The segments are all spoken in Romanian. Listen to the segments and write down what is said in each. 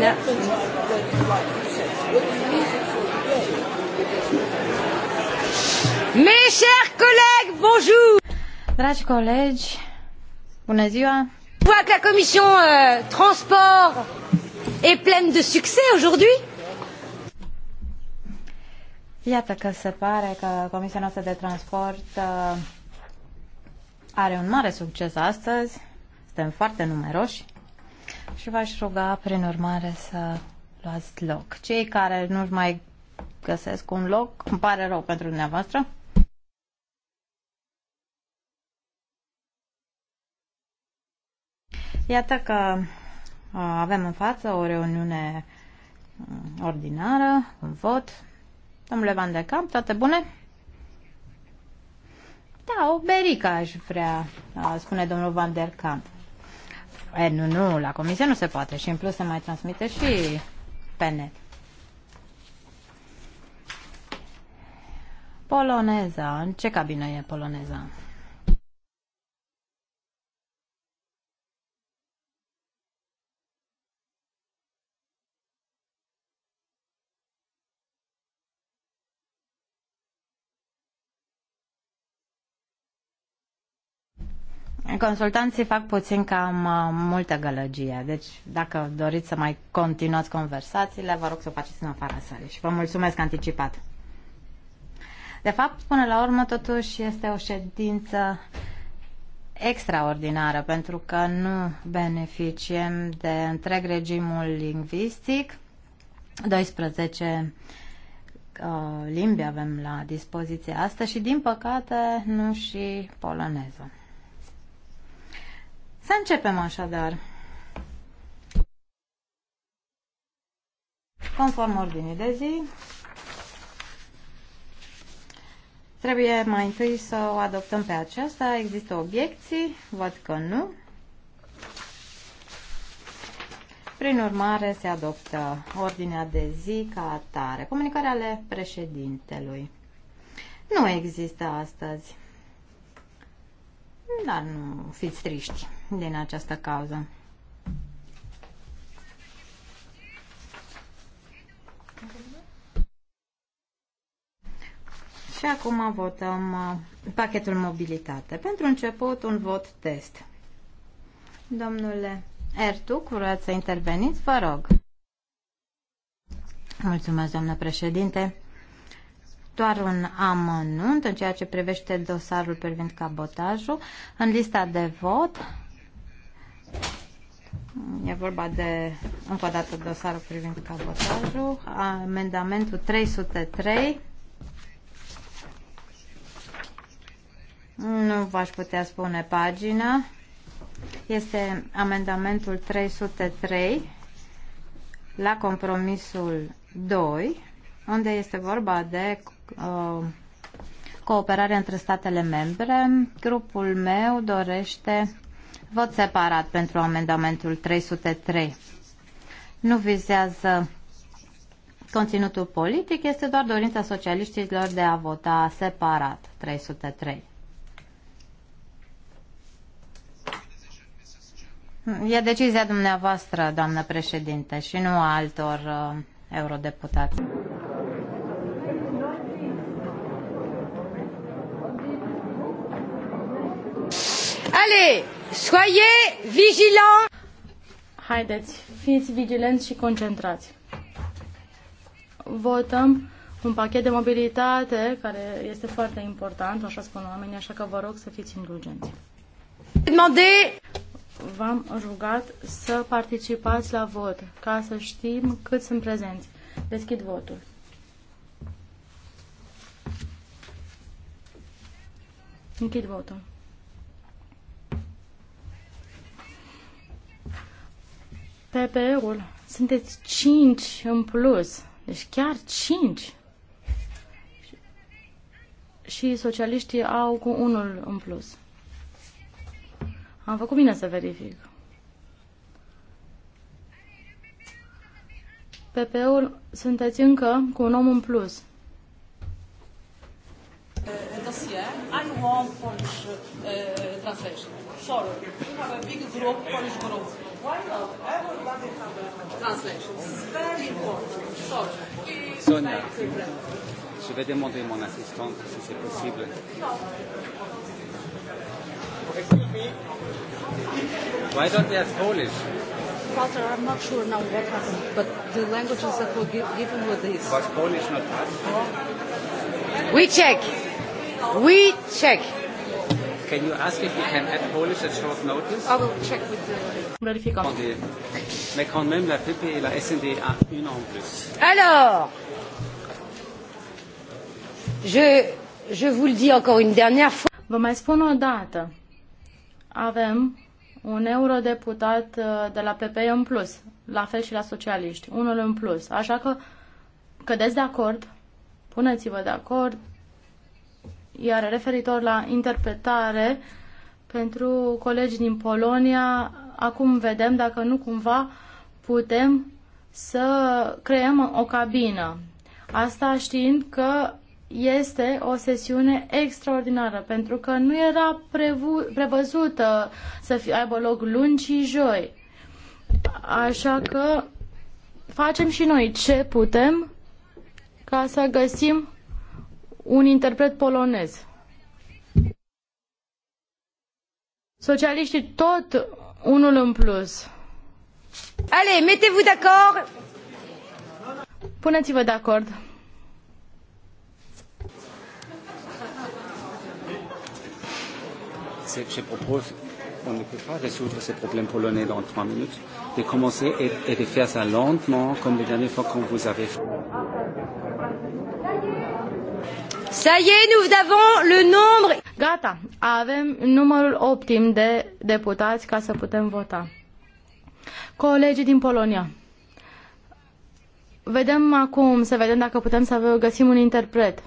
No. Mes chers collègues, bonjour. Dragi colegi, bună ziua. Vois que la commission euh, transport est pleine de succès aujourd'hui. Iată că se pare că Comisia noastră de transport uh, are un mare succes astăzi. Suntem foarte numeroși și v-aș ruga, prin urmare, să luați loc. Cei care nu-și mai găsesc un loc, îmi pare rău pentru dumneavoastră. Iată că uh, avem în față o reuniune uh, ordinară, un vot. Domnule Van de Camp, toate bune? Da, o berică aș vrea, uh, spune domnul Van der Camp. E, nu, nu, la comisie nu se poate și în plus se mai transmite și pe net. Poloneza. În ce cabină e poloneza? Consultanții fac puțin cam uh, multă gălăgie, deci dacă doriți să mai continuați conversațiile, vă rog să o faceți în afara sălii și vă mulțumesc anticipat. De fapt, până la urmă, totuși este o ședință extraordinară, pentru că nu beneficiem de întreg regimul lingvistic. 12 uh, limbi avem la dispoziție asta și, din păcate, nu și poloneză. Să începem așadar. Conform ordinii de zi, trebuie mai întâi să o adoptăm pe aceasta. Există obiecții? Văd că nu. Prin urmare, se adoptă ordinea de zi ca atare. Comunicarea ale președintelui. Nu există astăzi dar nu fiți triști din această cauză. Și acum votăm uh, pachetul mobilitate. Pentru început, un vot test. Domnule Ertuc, vreți să interveniți? Vă rog. Mulțumesc, doamnă președinte doar un amănunt în ceea ce privește dosarul privind cabotajul. În lista de vot e vorba de, încă o dată, dosarul privind cabotajul, amendamentul 303. Nu v-aș putea spune pagina. Este amendamentul 303 la compromisul 2, unde este vorba de Uh, cooperare între statele membre, grupul meu dorește vot separat pentru amendamentul 303. Nu vizează conținutul politic, este doar dorința socialiștilor de a vota separat 303. E decizia dumneavoastră, doamnă președinte, și nu a altor uh, eurodeputați. Allez, soyez vigilants. Haideți, fiți vigilenți și concentrați. Votăm un pachet de mobilitate care este foarte important, așa spun oamenii, așa că vă rog să fiți indulgenți. v-am rugat să participați la vot, ca să știm cât sunt prezenți. Deschid votul. Închid votul. PPE-ul, sunteți cinci în plus. Deci chiar cinci. Și socialiștii au cu unul în plus. Am făcut bine să verific. PP-ul, sunteți încă cu un om în plus. Uh, big group, group. Sonia, je vais demander mon assistante si c'est possible. Why don't they have Polish? Walter, I'm not sure now what happened, but the languages that were give, given were these. Was Polish not possible? We check. We check. Can you ask if you can add Polish at short notice? I will check with the... Vérifions. Mais quand même, la PP et la SND a une en plus. Alors, je, je vous le dis encore une dernière fois. Vă mai spun o dată. Avem un eurodeputat uh, de la PP în plus, la fel și la socialiști, unul în plus. Așa că cădeți de acord, puneți-vă de acord, iar referitor la interpretare, pentru colegi din Polonia, acum vedem dacă nu cumva putem să creăm o cabină. Asta știind că este o sesiune extraordinară, pentru că nu era prevăzută să fie, aibă loc luni și joi. Așa că facem și noi ce putem ca să găsim un interpret polonez. Socialiștii tot unul în plus. Allez, mettez-vous d'accord. Puneți-vă de acord. Je propose, on ne peut pas résoudre ces problèmes polonais dans trois minutes, de commencer et, et de faire ça lentement, comme les dernières fois qu'on vous avait fait. Gata, avem numărul optim de deputați ca să putem vota. Colegii din Polonia. Vedem acum, să vedem dacă putem să găsim un interpret.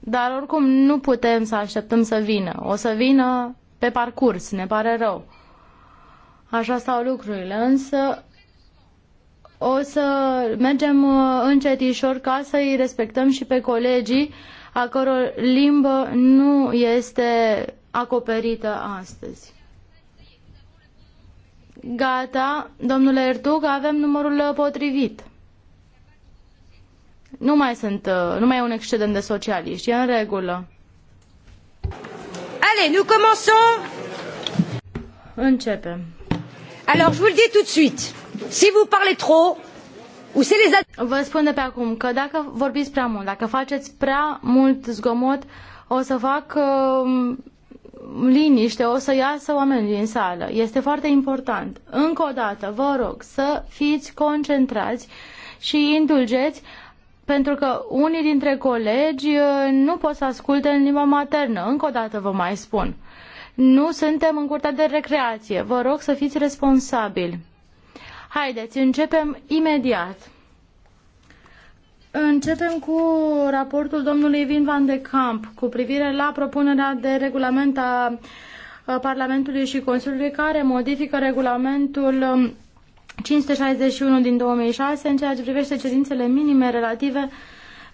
Dar oricum nu putem să așteptăm să vină. O să vină pe parcurs, ne pare rău. Așa stau lucrurile, însă o să mergem uh, încetișor ca să îi respectăm și pe colegii a căror limbă nu este acoperită astăzi. Gata, domnule Ertug, avem numărul uh, potrivit. Nu mai sunt, uh, nu mai e un excedent de socialiști, e în regulă. Allez, nous commençons. Începem. Alors, je vous le dis tout de suite. Si vous parlez trop, ou c'est les... Vă spun de pe acum că dacă vorbiți prea mult, dacă faceți prea mult zgomot, o să fac uh, liniște, o să iasă oamenii din sală. Este foarte important. Încă o dată, vă rog să fiți concentrați și indulgeți pentru că unii dintre colegi uh, nu pot să asculte în limba maternă. Încă o dată vă mai spun. Nu suntem în curtea de recreație. Vă rog să fiți responsabili. Haideți, începem imediat. Începem cu raportul domnului Vin van de Camp cu privire la propunerea de regulament a Parlamentului și Consiliului care modifică regulamentul 561 um, din 2006 în ceea ce privește cerințele minime relative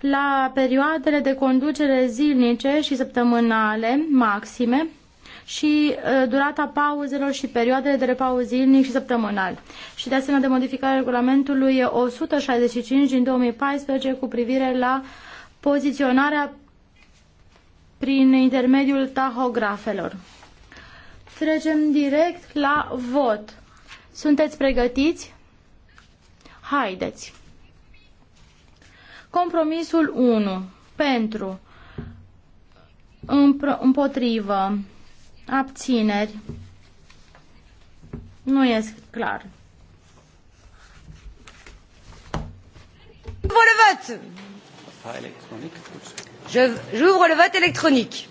la perioadele de conducere zilnice și săptămânale maxime și uh, durata pauzelor și perioadele de repauz zilnic și săptămânal. Și de asemenea de modificare regulamentului 165 din 2014 cu privire la poziționarea prin intermediul tahografelor. Trecem direct la vot. Sunteți pregătiți? Haideți! Compromisul 1. Pentru. Împotrivă. Abțineri. Nu e clar. Pour le vote. J'ouvre le vote électronique.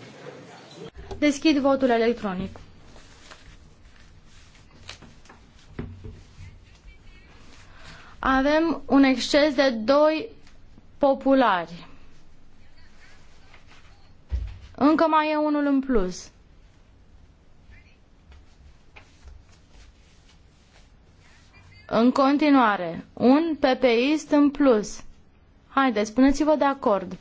Deschid votul electronic. Avem un exces de doi populari. Încă mai e unul în plus. În continuare, un PPIst în plus. Haideți, spuneți-vă de acord.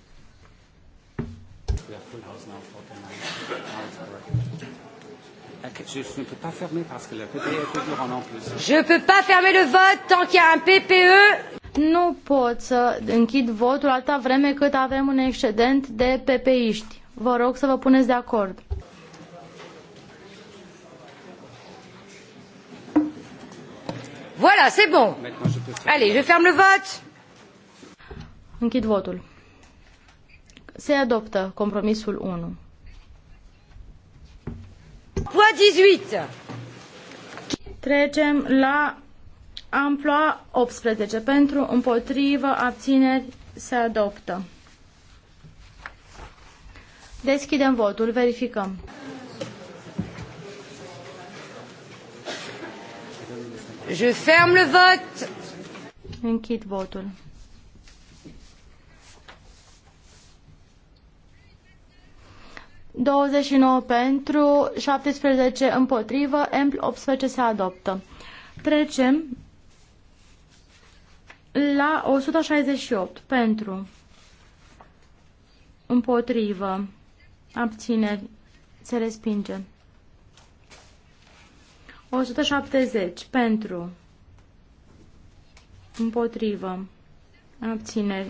Je ne peux pas fermer parce que le PPE est en plus. Je peux pas fermer le vote tant qu'il y a un PPE. Nu pot să închid votul atâta vreme cât avem un excedent de PPIști. Vă rog să vă puneți de acord. Voilà, c'est bon. Allez, je ferme le vote. Închid votul. Se adoptă compromisul 1. Poa 18. Trecem la amploa 18. Pentru, împotrivă, abțineri, se adoptă. Deschidem votul, verificăm. Je ferme le vote. Închid votul. Douăzeci pentru, 17 împotrivă, M 18 se adoptă. Trecem la 168 pentru, împotrivă, abține, se respinge. 170 pentru, împotrivă, abțineri,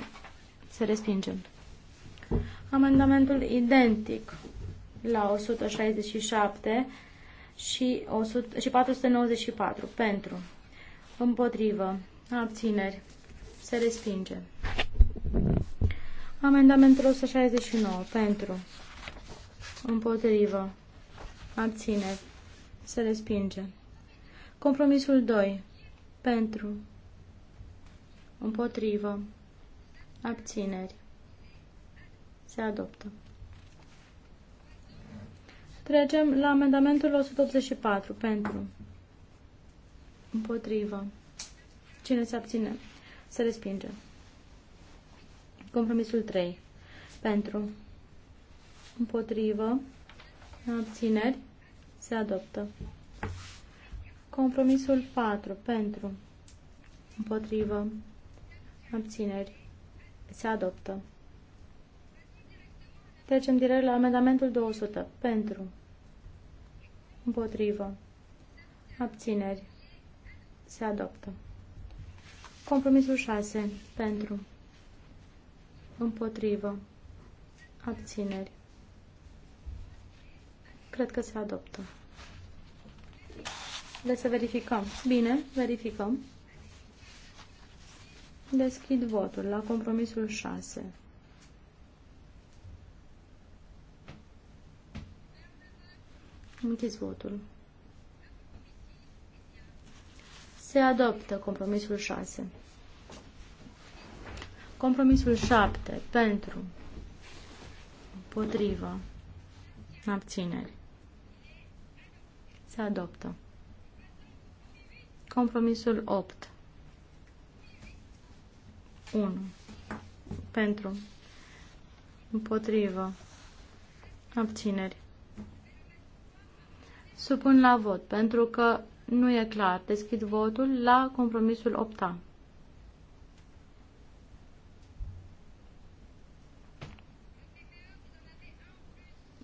se respinge. Amendamentul identic la 167 și, 100, și 494 pentru, împotrivă, abțineri, se respinge. Amendamentul 169 pentru, împotrivă, abțineri, se respinge. Compromisul 2. Pentru. Împotrivă. Abțineri. Se adoptă. Trecem la amendamentul 184. Pentru. Împotrivă. Cine se abține? Se respinge. Compromisul 3. Pentru. Împotrivă. Abțineri. Se adoptă. Compromisul 4. Pentru. Împotrivă. Abțineri. Se adoptă. Trecem direct la amendamentul 200. Pentru. Împotrivă. Abțineri. Se adoptă. Compromisul 6. Pentru. Împotrivă. Abțineri. Cred că se adoptă. Deci să verificăm. Bine, verificăm. Deschid votul la compromisul 6. Închis votul. Se adoptă compromisul 6. Compromisul 7. Pentru. Împotriva. Abțineri. Se adoptă. Compromisul 8. 1. Pentru. Împotrivă. Abțineri. Supun la vot, pentru că nu e clar. Deschid votul la compromisul 8 -a.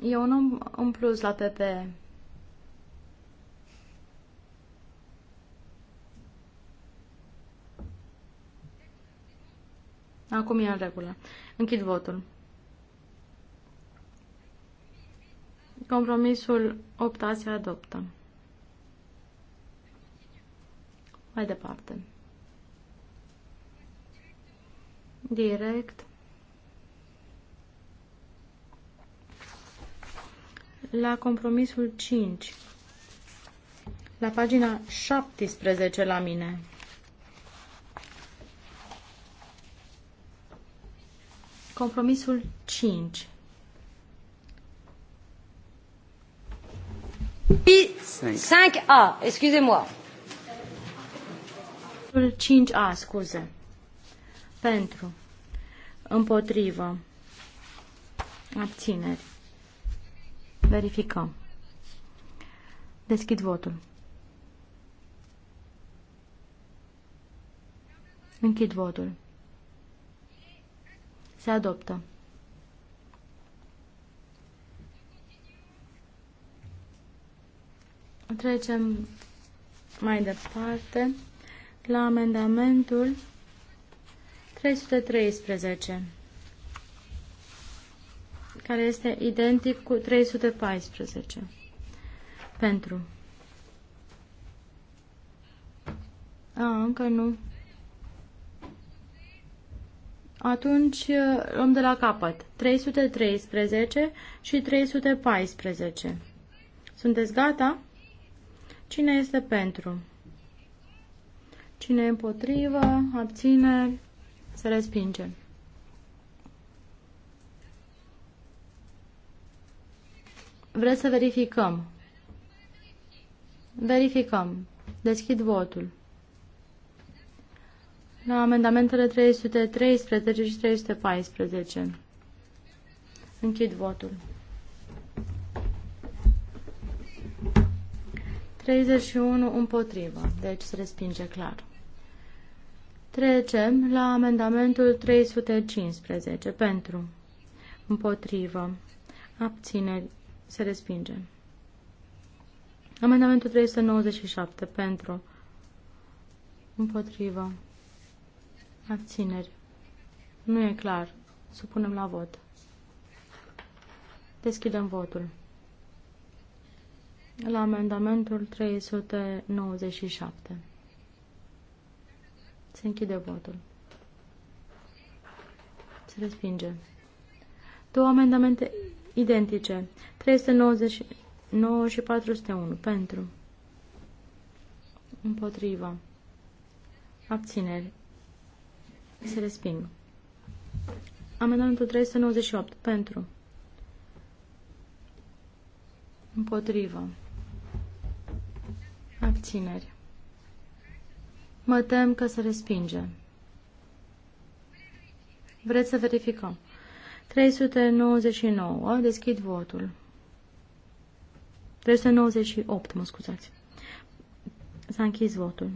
E un om um- în plus la PPE. Acum e în regulă. Închid votul. Compromisul 8 se adoptă. Mai departe. Direct. La compromisul 5. La pagina 17 la mine. Compromisul 5. Pi 5A, excusez-moi. 5A, scuze. Pentru. Împotrivă. Abțineri. Verificăm. Deschid votul. Închid votul. Se adoptă. Trecem mai departe la amendamentul 313, care este identic cu 314. Pentru. A, încă nu. Atunci uh, luăm de la capăt. 313 și 314. Sunteți gata? Cine este pentru? Cine e împotrivă? abține, Se respinge. Vreți să verificăm? Verificăm. Deschid votul la amendamentele 313 și 314. Închid votul. 31 împotrivă, deci se respinge clar. Trecem la amendamentul 315 pentru împotrivă, abțineri, se respinge. Amendamentul 397 pentru împotrivă, Abțineri. Nu e clar. Supunem la vot. Deschidem votul. La amendamentul 397. Se închide votul. Se respinge. Două amendamente identice. 399 și 401. Pentru. Împotriva. Abțineri. Se resping. Amendamentul 398. Pentru. Împotrivă. Abțineri. Mă tem că se respinge. Vreți să verificăm. 399. Deschid votul. 398, mă scuzați. S-a închis votul.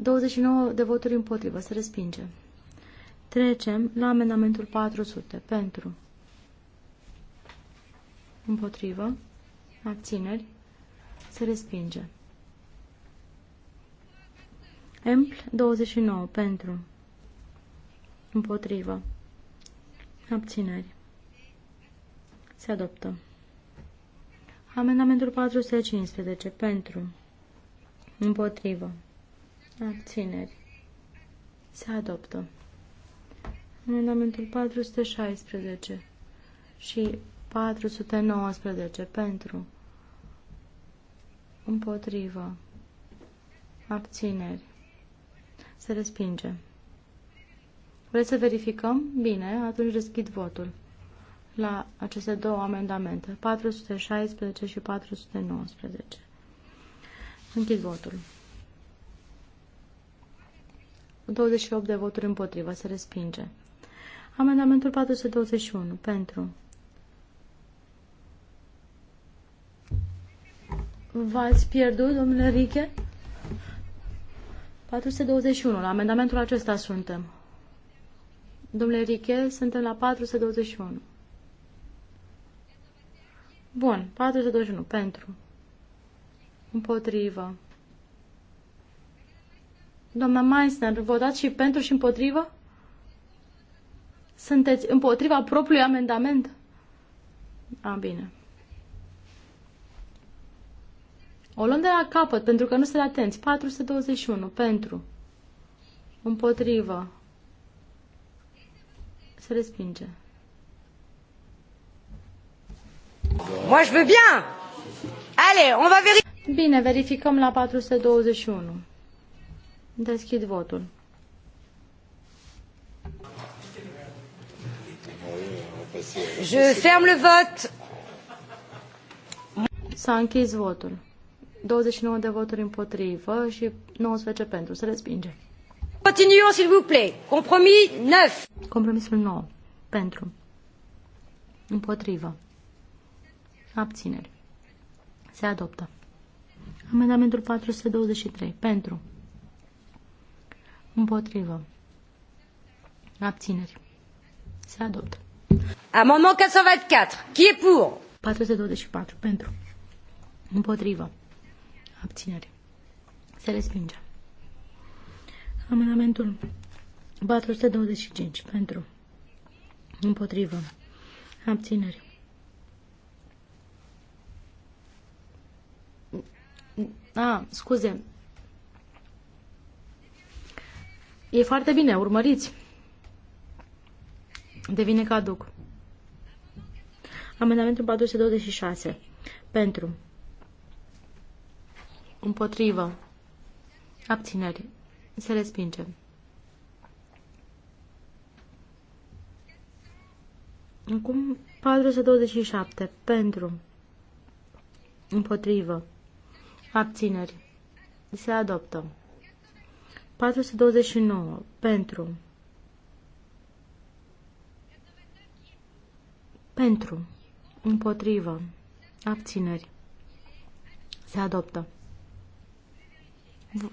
29 de voturi împotrivă. Se respinge. Trecem la amendamentul 400. Pentru. Împotrivă. Abțineri. Se respinge. Empl 29. Pentru. Împotrivă. Abțineri. Se adoptă. Amendamentul 415. Pentru. Împotrivă abțineri. Se adoptă. Amendamentul 416 și 419 pentru împotrivă abțineri. Se respinge. Vreți să verificăm? Bine, atunci deschid votul la aceste două amendamente, 416 și 419. Închid votul. 28 de voturi împotriva. Se respinge. Amendamentul 421. Pentru. V-ați pierdut, domnule Riche? 421. La amendamentul acesta suntem. Domnule Riche, suntem la 421. Bun, 421. Pentru. Împotrivă. Doamna Meissner, votați și pentru și împotrivă? Sunteți împotriva propriului amendament? A, bine. O luăm de la capăt, pentru că nu sunt atenți. 421, pentru. Împotrivă. Se respinge. Moi, je veux bien! Allez, on va verifica. Bine, verificăm la 421. Deschid votul. Je ferme le vote. S-a închis votul. 29 de voturi împotrivă și 19 pentru. Se respinge. Continuons, s'il vous plaît. Compromis 9. Compromisul 9. Pentru. Împotrivă. Abțineri. Se adoptă. Amendamentul 423. Pentru. Împotrivă. Abțineri. Se adoptă. Amendement 424. Qui est pour? 424. Pentru. Împotrivă. Abțineri. Se respinge. Amendamentul 425. Pentru. Împotrivă. Abțineri. A, scuze, E foarte bine, urmăriți. Devine caduc. Amendamentul 426. Pentru. Împotrivă. Abțineri. Se respinge. Acum 427. Pentru. Împotrivă. Abțineri. Se adoptă. 429. Pentru. Pentru. Împotrivă. Abțineri. Se adoptă.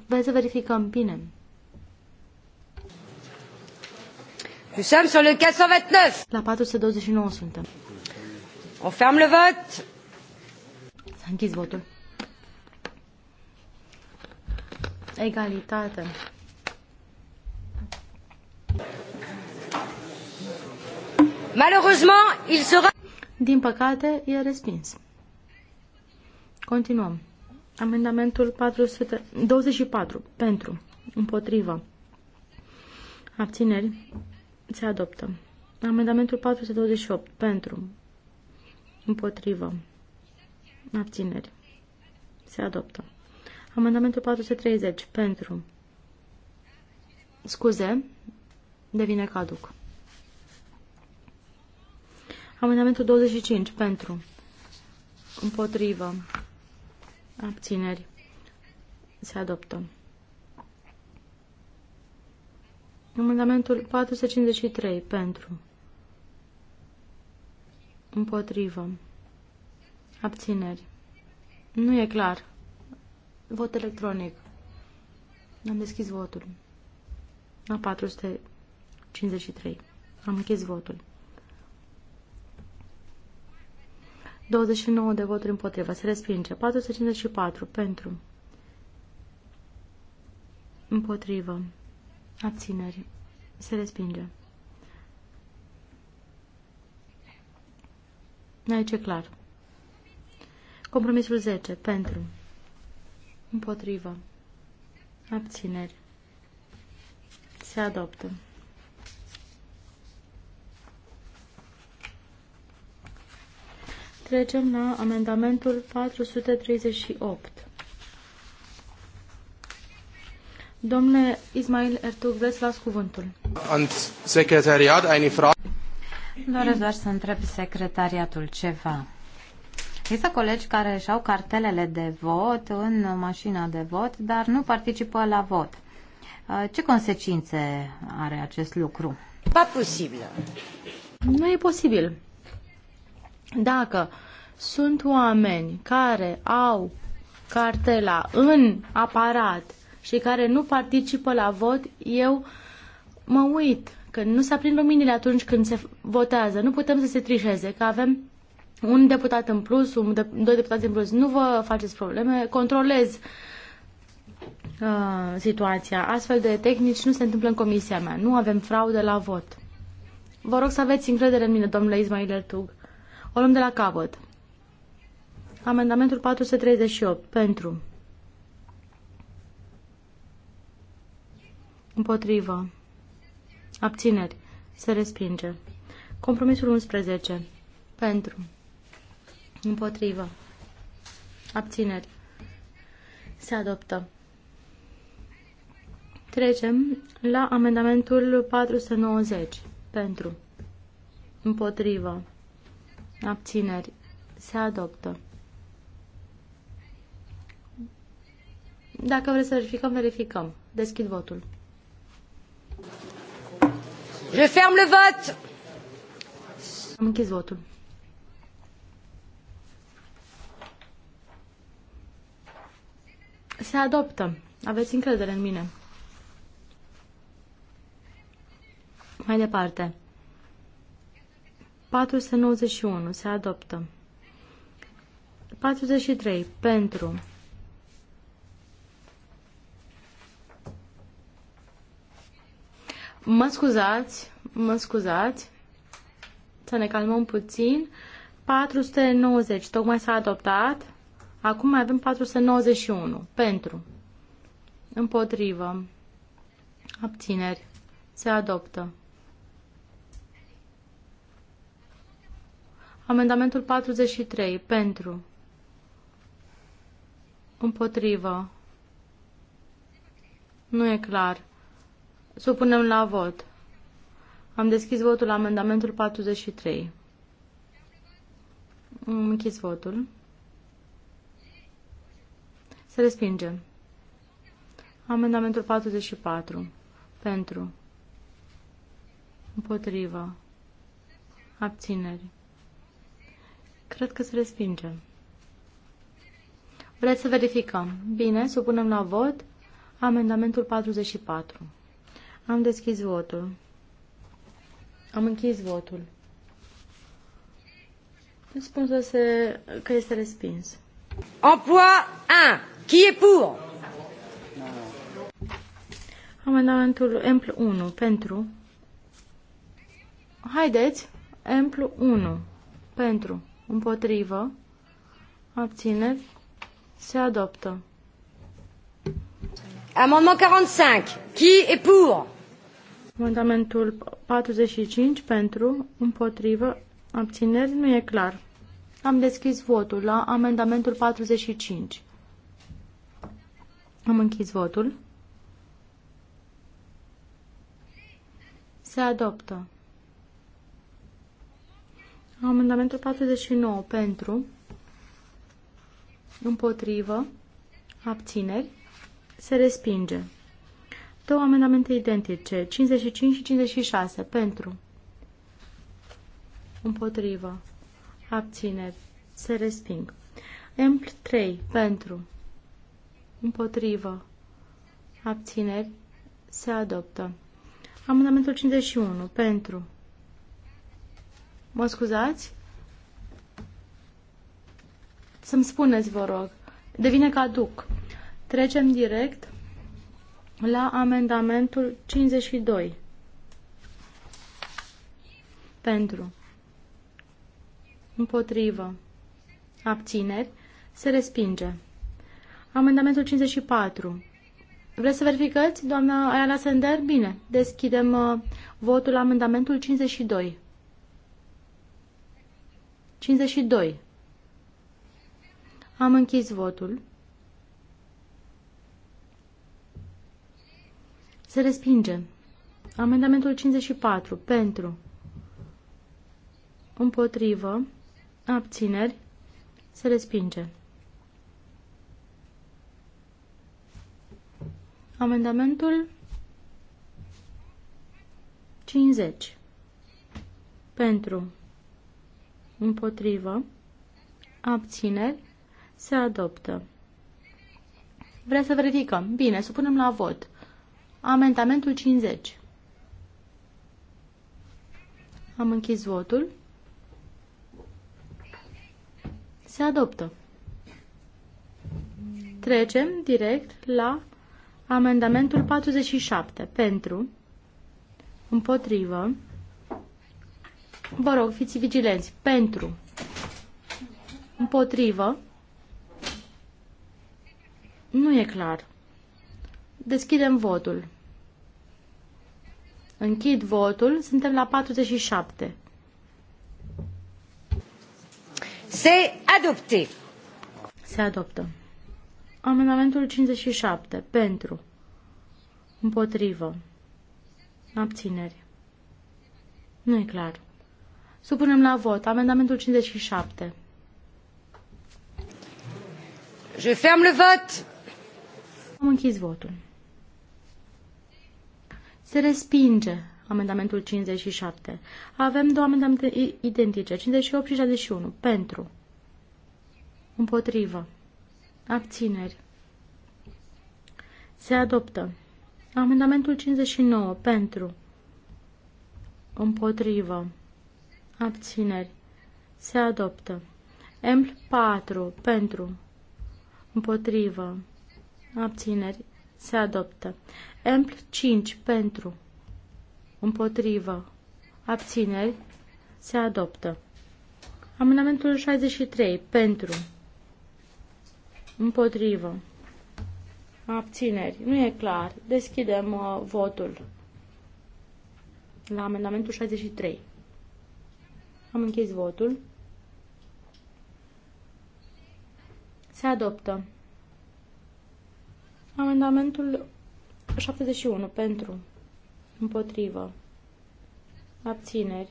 Vrei să verificăm bine. Nous sommes sur le 429. La 429 suntem. On ferme le vote. S-a închis votul. Egalitate. Malheureusement, il sera... Din păcate, e respins. Continuăm. Amendamentul 424. Pentru. Împotrivă. Abțineri. Se adoptă. Amendamentul 428. Pentru. Împotrivă. Abțineri. Se adoptă. Amendamentul 430. Pentru. Scuze. Devine caduc. Amendamentul 25 pentru. Împotrivă. Abțineri. Se adoptă. Amendamentul 453 pentru. Împotrivă. Abțineri. Nu e clar. Vot electronic. Am deschis votul. La 453. Am închis votul. 29 de voturi împotriva. Se respinge. 454 pentru. Împotrivă. Abțineri. Se respinge. Aici e clar. Compromisul 10. Pentru. Împotrivă. Abțineri. Se adoptă. Trecem la amendamentul 438. Domnule Ismail Ertug, veți las cuvântul. Und secretariat, eine Frage. Doresc doar să întreb secretariatul ceva. Există colegi care își au cartelele de vot în mașina de vot, dar nu participă la vot. Uh, ce consecințe are acest lucru? Pa posibil. Nu e posibil. Dacă sunt oameni care au cartela în aparat și care nu participă la vot, eu mă uit că nu se aprind luminile atunci când se votează. Nu putem să se trișeze, că avem un deputat în plus, un de, doi deputați în plus. Nu vă faceți probleme, controlez uh, situația. Astfel de tehnici nu se întâmplă în comisia mea. Nu avem fraudă la vot. Vă rog să aveți încredere în mine, domnule Ismail Ertug. O luăm de la capăt. Amendamentul 438. Pentru. Împotrivă. Abțineri. Se respinge. Compromisul 11. Pentru. Împotrivă. Abțineri. Se adoptă. Trecem la amendamentul 490. Pentru. Împotrivă. Abțineri. Se adoptă. Dacă vreți să verificăm, verificăm. Deschid votul. Je ferme le vot. Am închis votul. Se adoptă. Aveți încredere în mine. Mai departe. 491. Se adoptă. 43. Pentru. Mă scuzați, mă scuzați. Să ne calmăm puțin. 490. Tocmai s-a adoptat. Acum mai avem 491. Pentru. Împotrivă. Abțineri. Se adoptă. Amendamentul 43. Pentru. Împotrivă. Nu e clar. Supunem la vot. Am deschis votul la amendamentul 43. Am închis votul. Se respinge. Amendamentul 44. Pentru. Împotrivă. Abțineri. Cred că se respinge. Vreți să verificăm? Bine, supunem la vot amendamentul 44. Am deschis votul. Am închis votul. Răspunsul este că este respins. Emploi 1. Qui est pour? Amendamentul Emplu 1 pentru. Haideți, Emplu 1 pentru împotrivă, abțineri, se adoptă. Amendement 45. Qui est pour? Amendamentul 45 pentru, împotrivă, abțineri, nu e clar. Am deschis votul la amendamentul 45. Am închis votul. Se adoptă. Amendamentul 49 pentru, împotrivă, abțineri, se respinge. Două amendamente identice, 55 și 56, pentru, împotrivă, abțineri, se resping. Empl 3, pentru, împotrivă, abțineri, se adoptă. Amendamentul 51, pentru, Mă scuzați? Să-mi spuneți, vă rog. Devine caduc. Trecem direct la amendamentul 52. Pentru. Împotrivă. Abțineri. Se respinge. Amendamentul 54. Vreți să verificați, doamna Ayala Sender? Bine. Deschidem uh, votul amendamentul 52. 52. Am închis votul. Se respinge. Amendamentul 54. Pentru. Împotrivă. Abțineri. Se respinge. Amendamentul 50. Pentru împotrivă, abțineri, se adoptă. Vrea să verificăm. Bine, supunem la vot. Amendamentul 50. Am închis votul. Se adoptă. Trecem direct la amendamentul 47. Pentru, împotrivă, Vă rog, fiți vigilenți. Pentru. Împotrivă. Nu e clar. Deschidem votul. Închid votul. Suntem la 47. Se adopte. Se adoptă. Amendamentul 57. Pentru. Împotrivă. Abțineri. Nu e clar. Supunem la vot amendamentul 57. Je ferme le vot. Am închis votul. Se respinge amendamentul 57. Avem două amendamente identice, 58 și 61. Pentru. Împotrivă. Abțineri. Se adoptă. Amendamentul 59. Pentru. Împotrivă abțineri, se adoptă. Empl 4 pentru, împotrivă, abțineri, se adoptă. Empl 5 pentru, împotrivă, abțineri, se adoptă. Amendamentul 63 pentru, împotrivă, abțineri, nu e clar. Deschidem uh, votul la amendamentul 63. Am închis votul. Se adoptă. Amendamentul 71 pentru, împotrivă, abțineri.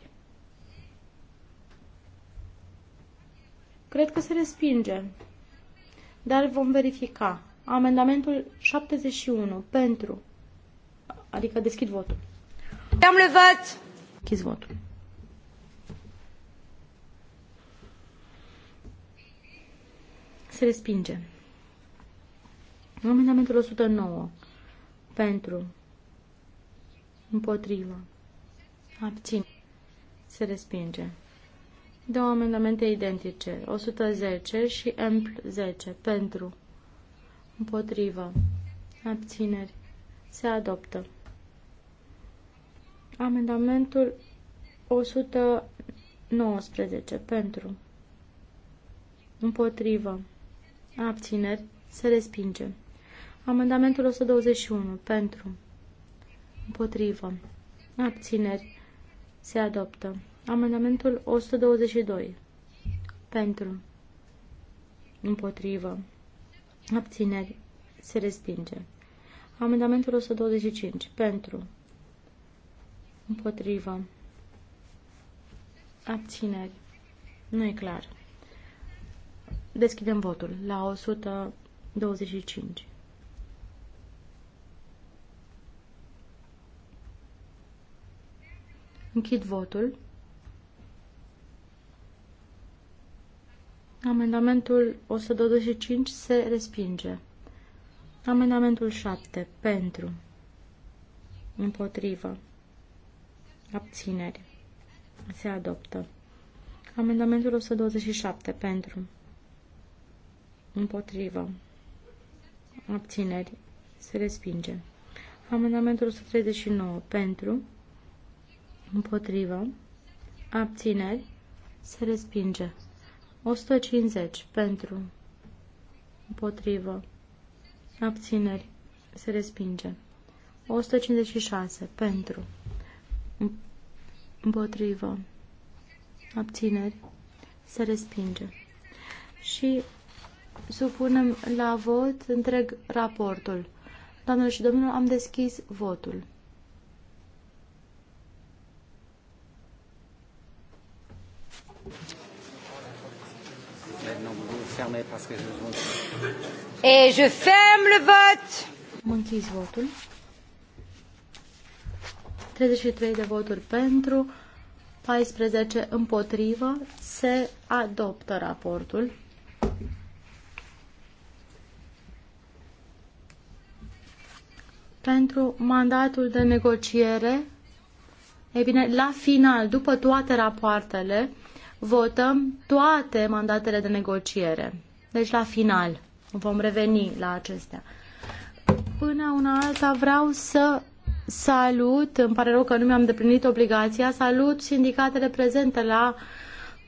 Cred că se respinge, dar vom verifica. Amendamentul 71 pentru, adică deschid votul. Am le vot. Închis votul. Se respinge. Amendamentul 109. Pentru. Împotrivă. Abțin. Se respinge. Două amendamente identice. 110 și M10. Pentru. Împotrivă. Abțineri. Se adoptă. Amendamentul 119. Pentru. Împotrivă. Abțineri. Se respinge. Amendamentul 121. Pentru. Împotrivă. Abțineri. Se adoptă. Amendamentul 122. Pentru. Împotrivă. Abțineri. Se respinge. Amendamentul 125. Pentru. Împotrivă. Abțineri. Nu e clar. Deschidem votul la 125. Închid votul. Amendamentul 125 se respinge. Amendamentul 7. Pentru. Împotrivă. Abțineri. Se adoptă. Amendamentul 127. Pentru. Împotrivă. Abțineri. Se respinge. Amendamentul 139. Pentru. Împotrivă. Abțineri. Se respinge. 150. Pentru. Împotrivă. Abțineri. Se respinge. 156. Pentru. Împotrivă. Abțineri. Se respinge. Și supunem la vot întreg raportul. Doamnelor și domnilor, am deschis votul. Et je ferme le vote. Am închis votul. 33 de voturi pentru, 14 împotrivă. Se adoptă raportul. pentru mandatul de negociere. E bine, la final, după toate rapoartele, votăm toate mandatele de negociere. Deci la final vom reveni la acestea. Până una alta vreau să salut, îmi pare rău că nu mi-am deplinit obligația, salut sindicatele prezente la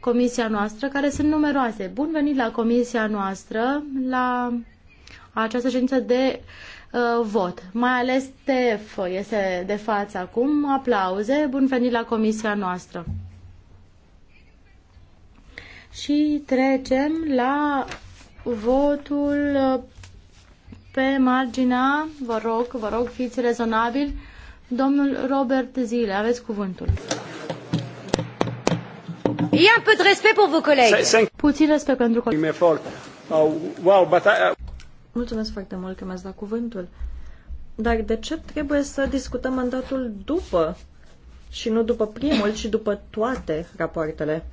comisia noastră, care sunt numeroase. Bun venit la comisia noastră, la această ședință de uh, Uh, vot. Mai ales TF este de față acum. Aplauze. Bun venit la comisia noastră. Și trecem la votul uh, pe marginea, vă rog, vă rog, fiți rezonabil. domnul Robert Zile, aveți cuvântul. Ia un peu de respect pentru vos Puțin respect pentru colegi. Wow, but I... Mulțumesc foarte mult că mi-ați dat cuvântul. Dar de ce trebuie să discutăm mandatul după și nu după primul, ci după toate rapoartele?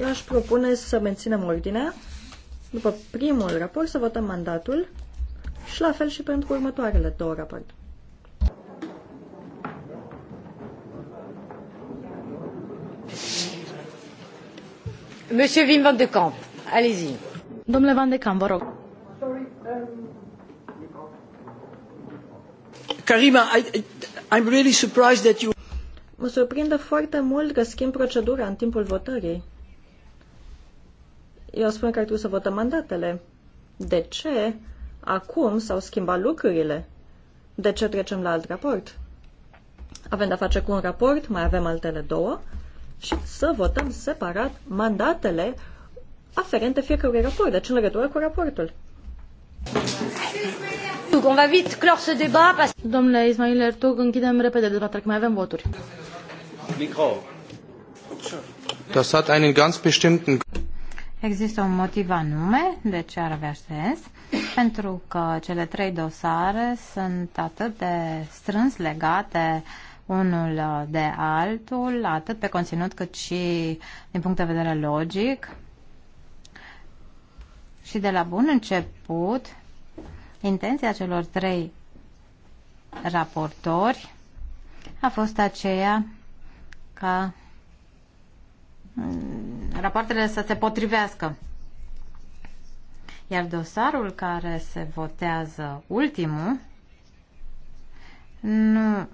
Eu aș propune să menținem ordinea, după primul raport să votăm mandatul și la fel și pentru următoarele două rapoarte. Monsieur Vim van de Camp, allez-y. Domnule Van de Camp, vă rog. Karima, I, I'm really surprised that you... Mă surprinde foarte mult că schimb procedura în timpul votării. Eu spun că ar trebui să votăm mandatele. De ce acum s-au schimbat lucrurile? De ce trecem la alt raport? Avem de-a face cu un raport, mai avem altele două și să votăm separat mandatele aferente fiecărui raport, deci în legătură cu raportul. On va vite clore ce débat parce... Domnule Ismail Ertug, închidem repede dezbaterea, că mai avem voturi. Micro. Das hat einen ganz bestimmten... Există un motiv anume de ce ar avea sens, pentru că cele trei dosare sunt atât de strâns legate unul de altul, atât pe conținut cât și din punct de vedere logic. Și de la bun început, intenția celor trei raportori a fost aceea ca mm, rapoartele să se potrivească. Iar dosarul care se votează ultimul nu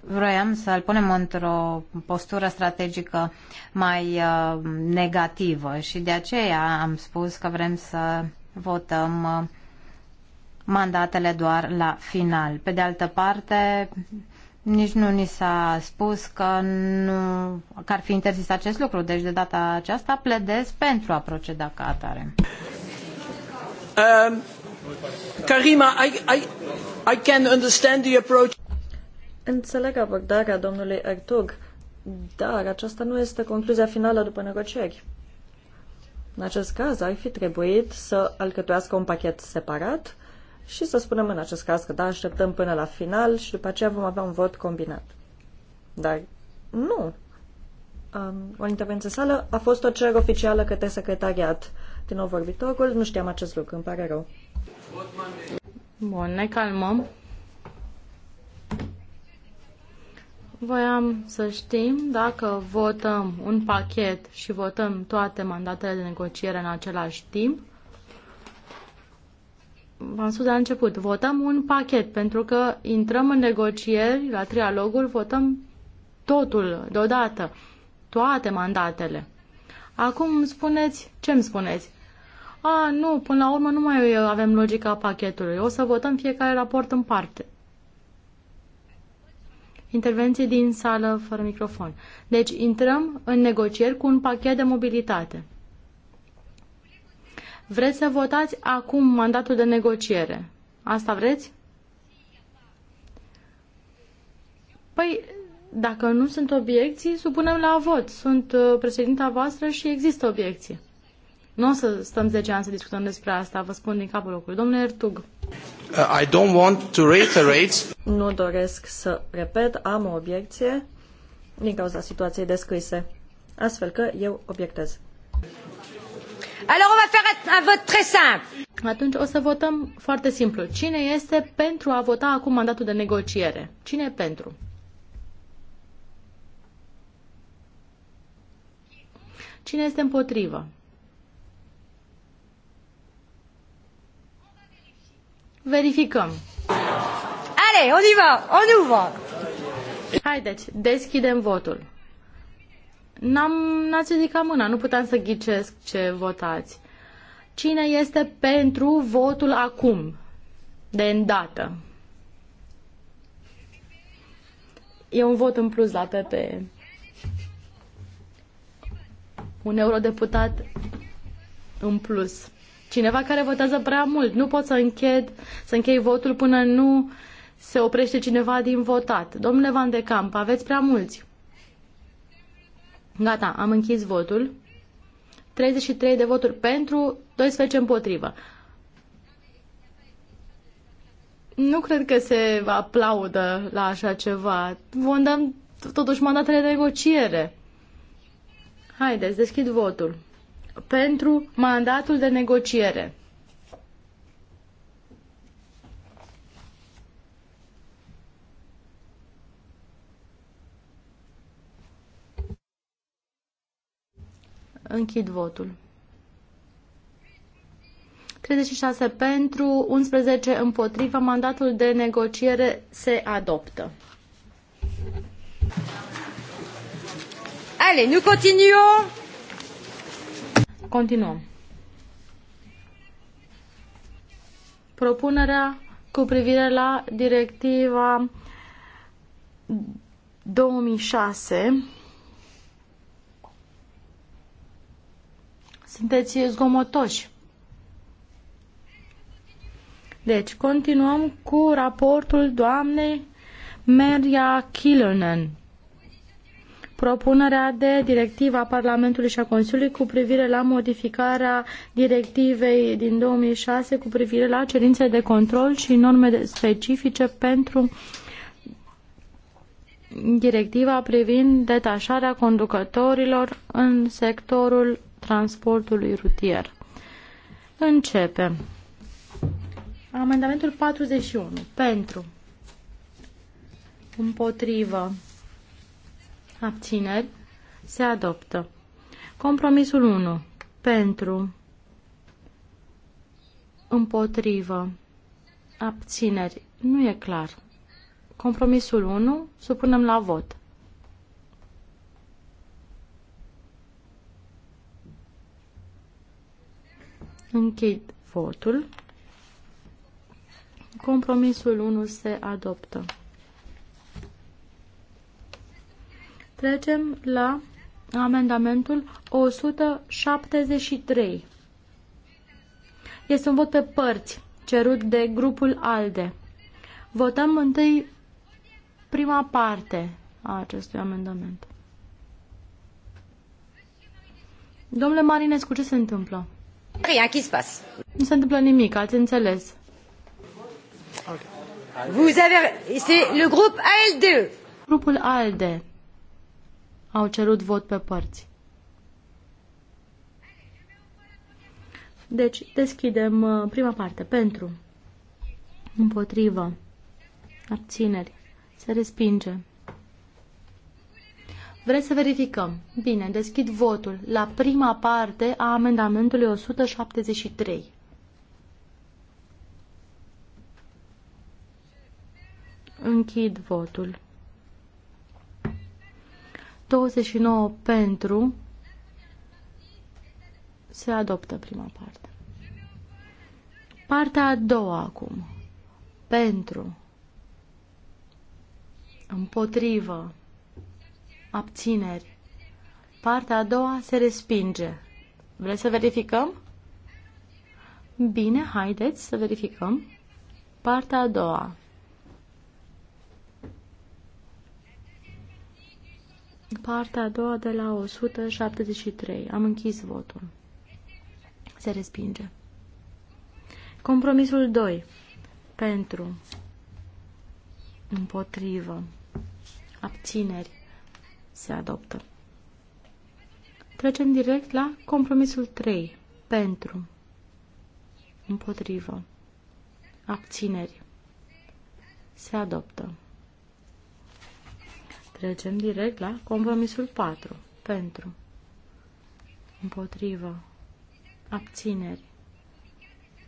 vroiam să-l punem într-o postură strategică mai uh, negativă și de aceea am spus că vrem să votăm uh, mandatele doar la final. Pe de altă parte, nici nu ni s-a spus că, nu, că ar fi interzis acest lucru, deci de data aceasta pledez pentru a proceda ca atare. Um, Karima, I, I, I can understand the approach. Înțeleg abordarea domnului Ertug, dar aceasta nu este concluzia finală după negocieri. În acest caz ar fi trebuit să alcătuiască un pachet separat și să spunem în acest caz că da, așteptăm până la final și după aceea vom avea un vot combinat. Dar nu. o intervenție sală a fost o cerere oficială către secretariat. Din nou vorbitorul, nu știam acest lucru, îmi pare rău. Bun, ne calmăm. Voiam să știm dacă votăm un pachet și votăm toate mandatele de negociere în același timp. V-am spus de la început, votăm un pachet, pentru că intrăm în negocieri, la trialoguri, votăm totul deodată, toate mandatele. Acum spuneți, ce îmi spuneți? A, nu, până la urmă nu mai avem logica pachetului. O să votăm fiecare raport în parte intervenții din sală fără microfon. Deci intrăm în negocieri cu un pachet de mobilitate. Vreți să votați acum mandatul de negociere? Asta vreți? Păi, dacă nu sunt obiecții, supunem la vot. Sunt uh, președinta voastră și există obiecții. Nu o să stăm 10 ani să discutăm despre asta, vă spun din capul locului. Domnule Ertug. Uh, I don't want to reiterate. Nu doresc să repet, am o obiecție din cauza situației descrise. Astfel că eu obiectez. Alors on va faire un vot très simple. Atunci o să votăm foarte simplu. Cine este pentru a vota acum mandatul de negociere? Cine e pentru? Cine este împotrivă? Verificăm. Are, on y va, on y va. Haideți, deschidem votul. N-am, n-ați ridicat mâna, nu puteam să ghicesc ce votați. Cine este pentru votul acum, de îndată? E un vot în plus la PP. Un eurodeputat în plus cineva care votează prea mult. Nu pot să închei, să închei votul până nu se oprește cineva din votat. Domnule Van de Camp, aveți prea mulți. Gata, am închis votul. 33 de voturi pentru, 12 împotrivă. Nu cred că se aplaudă la așa ceva. Vom dăm da totuși mandatele de negociere. Haideți, deschid votul pentru mandatul de negociere. Închid votul. 36 pentru, 11 împotriva, mandatul de negociere se adoptă. Allez, nous continuons Continuăm. Propunerea cu privire la directiva 2006. Sunteți zgomotoși. Deci, continuăm cu raportul doamnei Maria Kilonen propunerea de directiva a Parlamentului și a Consiliului cu privire la modificarea directivei din 2006 cu privire la cerințe de control și norme specifice pentru directiva privind detașarea conducătorilor în sectorul transportului rutier. Începem. Amendamentul 41. Pentru. Împotrivă abțineri, se adoptă. Compromisul 1. Pentru, împotrivă, abțineri, nu e clar. Compromisul 1, supunem la vot. Închid votul. Compromisul 1 se adoptă. Trecem la amendamentul 173. Este un vot pe părți cerut de grupul ALDE. Votăm întâi prima parte a acestui amendament. Domnule Marinescu, ce se întâmplă? Rien qui păi, pas? Nu se întâmplă nimic, ați înțeles. Vous avez... C'est le groupe ALDE. Grupul ALDE au cerut vot pe părți. Deci, deschidem uh, prima parte. Pentru. Împotrivă. Abțineri. Se respinge. Vreți să verificăm? Bine, deschid votul la prima parte a amendamentului 173. Închid votul. 29 pentru. Se adoptă prima parte. Partea a doua acum. Pentru. Împotrivă. Abțineri. Partea a doua se respinge. Vreți să verificăm? Bine, haideți să verificăm. Partea a doua. Partea a doua de la 173. Am închis votul. Se respinge. Compromisul 2. Pentru. Împotrivă. Abțineri. Se adoptă. Trecem direct la compromisul 3. Pentru. Împotrivă. Abțineri. Se adoptă. Trecem direct la compromisul 4. Pentru. Împotrivă. Abțineri.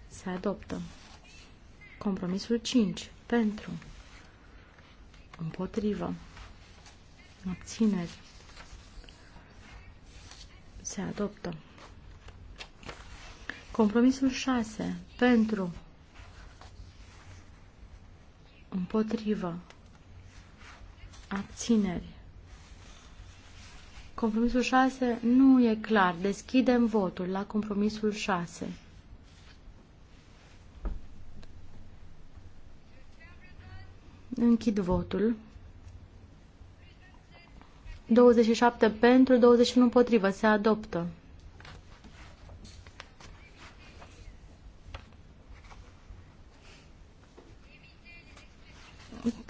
Se adoptă. Compromisul 5. Pentru. Împotrivă. Abțineri. Se adoptă. Compromisul 6. Pentru. Împotrivă. Abțineri. Compromisul 6 nu e clar. Deschidem votul la compromisul 6. Închid votul. 27 pentru, 21 împotrivă. Se adoptă.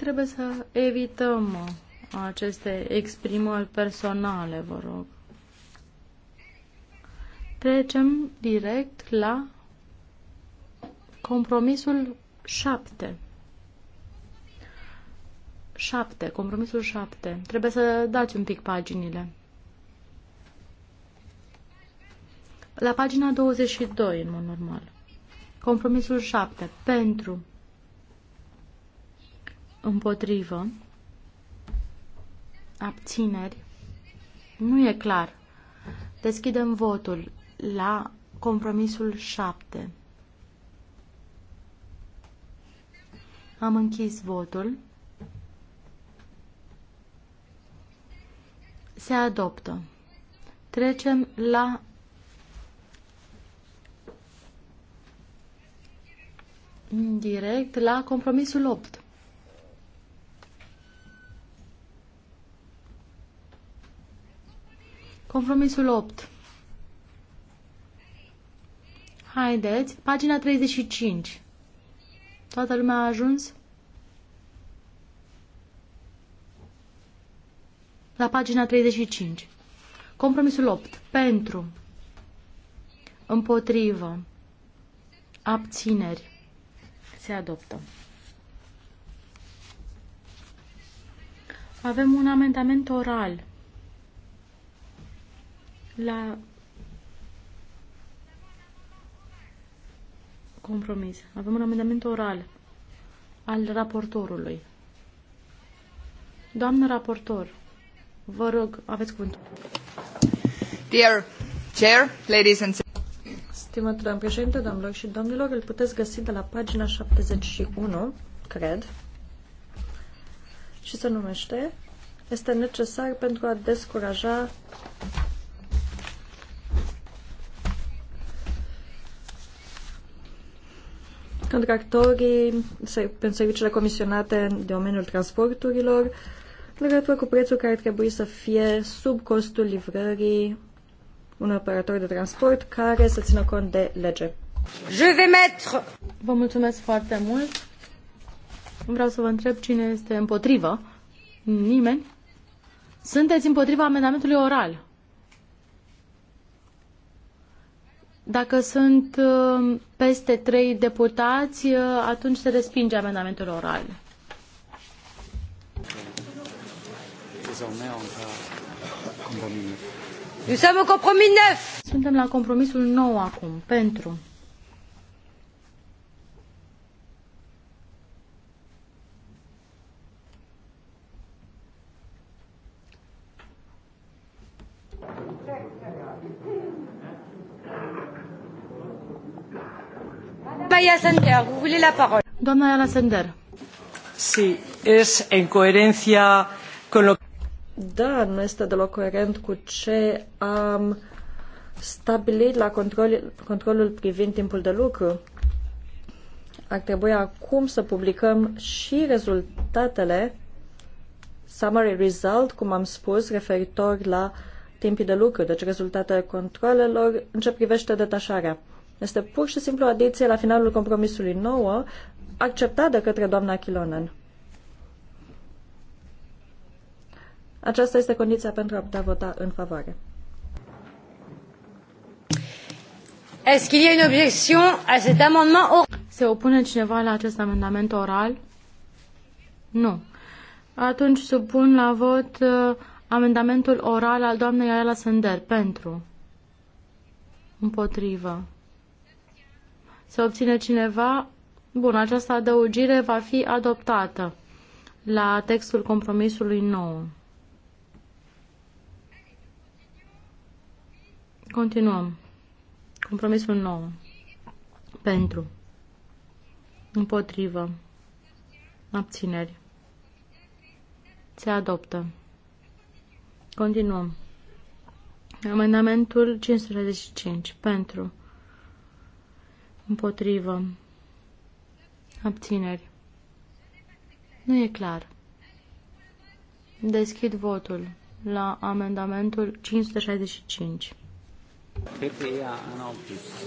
trebuie să evităm aceste exprimări personale, vă rog. Trecem direct la compromisul 7. 7, compromisul 7. Trebuie să dați un pic paginile. La pagina 22, în mod normal. Compromisul 7. Pentru împotrivă, abțineri, nu e clar. Deschidem votul la compromisul 7. Am închis votul. Se adoptă. Trecem la direct la compromisul 8. Compromisul 8. Haideți, pagina 35. Toată lumea a ajuns? La pagina 35. Compromisul 8. Pentru. Împotrivă. Abțineri. Se adoptă. Avem un amendament oral la compromis. Avem un amendament oral al raportorului. Doamnă raportor, vă rog, aveți cuvântul. Dear Chair, ladies and Stimată doamnă președinte, doamnelor și domnilor, îl puteți găsi de la pagina 71, cred, și se numește Este necesar pentru a descuraja contractorii pentru serviciile comisionate în domeniul transporturilor, în legătură cu prețul care trebuie să fie sub costul livrării un operator de transport care să țină cont de lege. Je vais mettre... Vă mulțumesc foarte mult. Vreau să vă întreb cine este împotrivă. Nimeni? Sunteți împotriva amendamentului oral. Dacă sunt uh, peste trei deputați, uh, atunci se respinge amendamentul oral. compromis Suntem la compromisul nou acum, pentru. Madame Sender, vous voulez la parole. Doamna Sender. es en coherencia con lo... Da, nu este deloc coerent cu ce am stabilit la control, controlul privind timpul de lucru. Ar trebui acum să publicăm și rezultatele, summary result, cum am spus, referitor la timpii de lucru, deci rezultatele controlelor în ce privește detașarea. Este pur și simplu o adiție la finalul compromisului nouă, acceptat de către doamna Chilonen. Aceasta este condiția pentru a putea vota în favoare. Est-ce qu'il y a une objection à cet amendement oral? Se opune cineva la acest amendament oral? Nu. Atunci supun la vot uh, amendamentul oral al doamnei Ayala Sender. Pentru. Împotrivă se obține cineva, bun, această adăugire va fi adoptată la textul compromisului nou. Continuăm. Compromisul nou. Pentru. Împotrivă. Abțineri. Se adoptă. Continuăm. Amendamentul 565. Pentru. Împotrivă. Abțineri. Nu e clar. Deschid votul la amendamentul 565.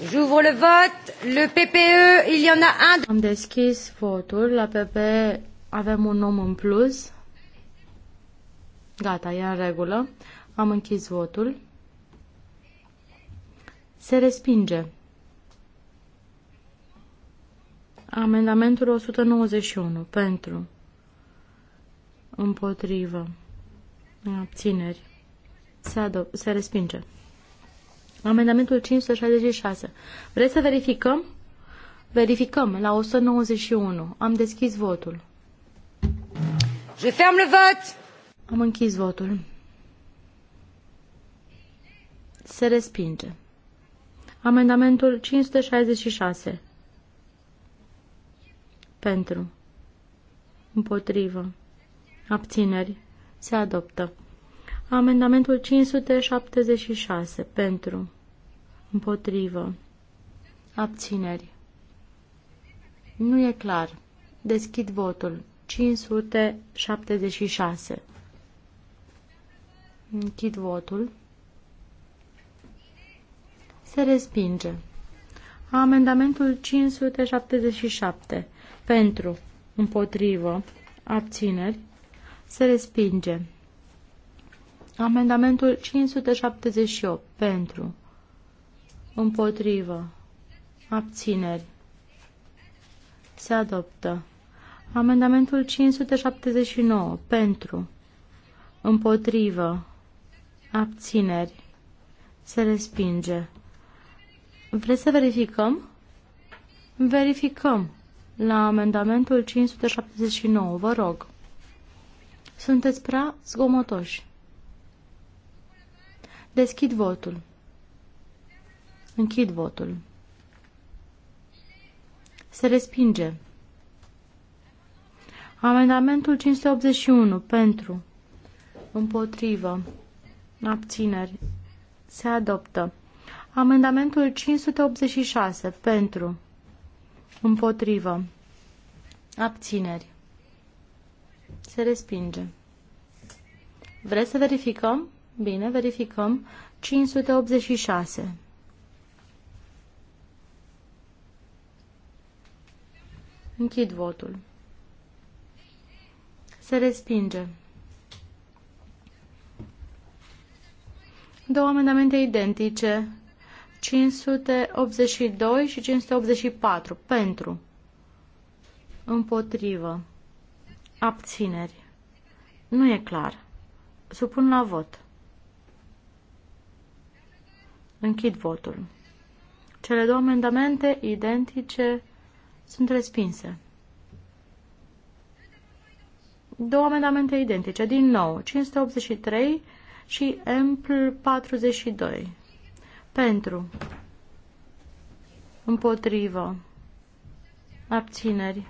J'ouvre le vote. Le PPE, il y en a un. Am deschis votul. La PPE avem un om în plus. Gata, e în regulă. Am închis votul. Se respinge. Amendamentul 191. Pentru. Împotrivă. Abțineri. Se, se respinge. Amendamentul 566. Vreți să verificăm? Verificăm la 191. Am deschis votul. Je ferme le vote. Am închis votul. Se respinge. Amendamentul 566 pentru, împotrivă, abțineri, se adoptă. Amendamentul 576, pentru, împotrivă, abțineri. Nu e clar. Deschid votul. 576. Închid votul. Se respinge. Amendamentul 577 pentru, împotrivă, abțineri, se respinge. Amendamentul 578 pentru, împotrivă, abțineri, se adoptă. Amendamentul 579 pentru, împotrivă, abțineri, se respinge. Vreți să verificăm? Verificăm la amendamentul 579. Vă rog. Sunteți prea zgomotoși. Deschid votul. Închid votul. Se respinge. Amendamentul 581. Pentru. Împotrivă. Abțineri. Se adoptă. Amendamentul 586. Pentru. Împotrivă. Abțineri. Se respinge. Vreți să verificăm? Bine, verificăm. 586. Închid votul. Se respinge. Două amendamente identice, 582 și 584 pentru împotrivă abțineri nu e clar supun la vot închid votul cele două amendamente identice sunt respinse două amendamente identice din nou 583 și Ample 42 pentru. Împotrivă. Abțineri.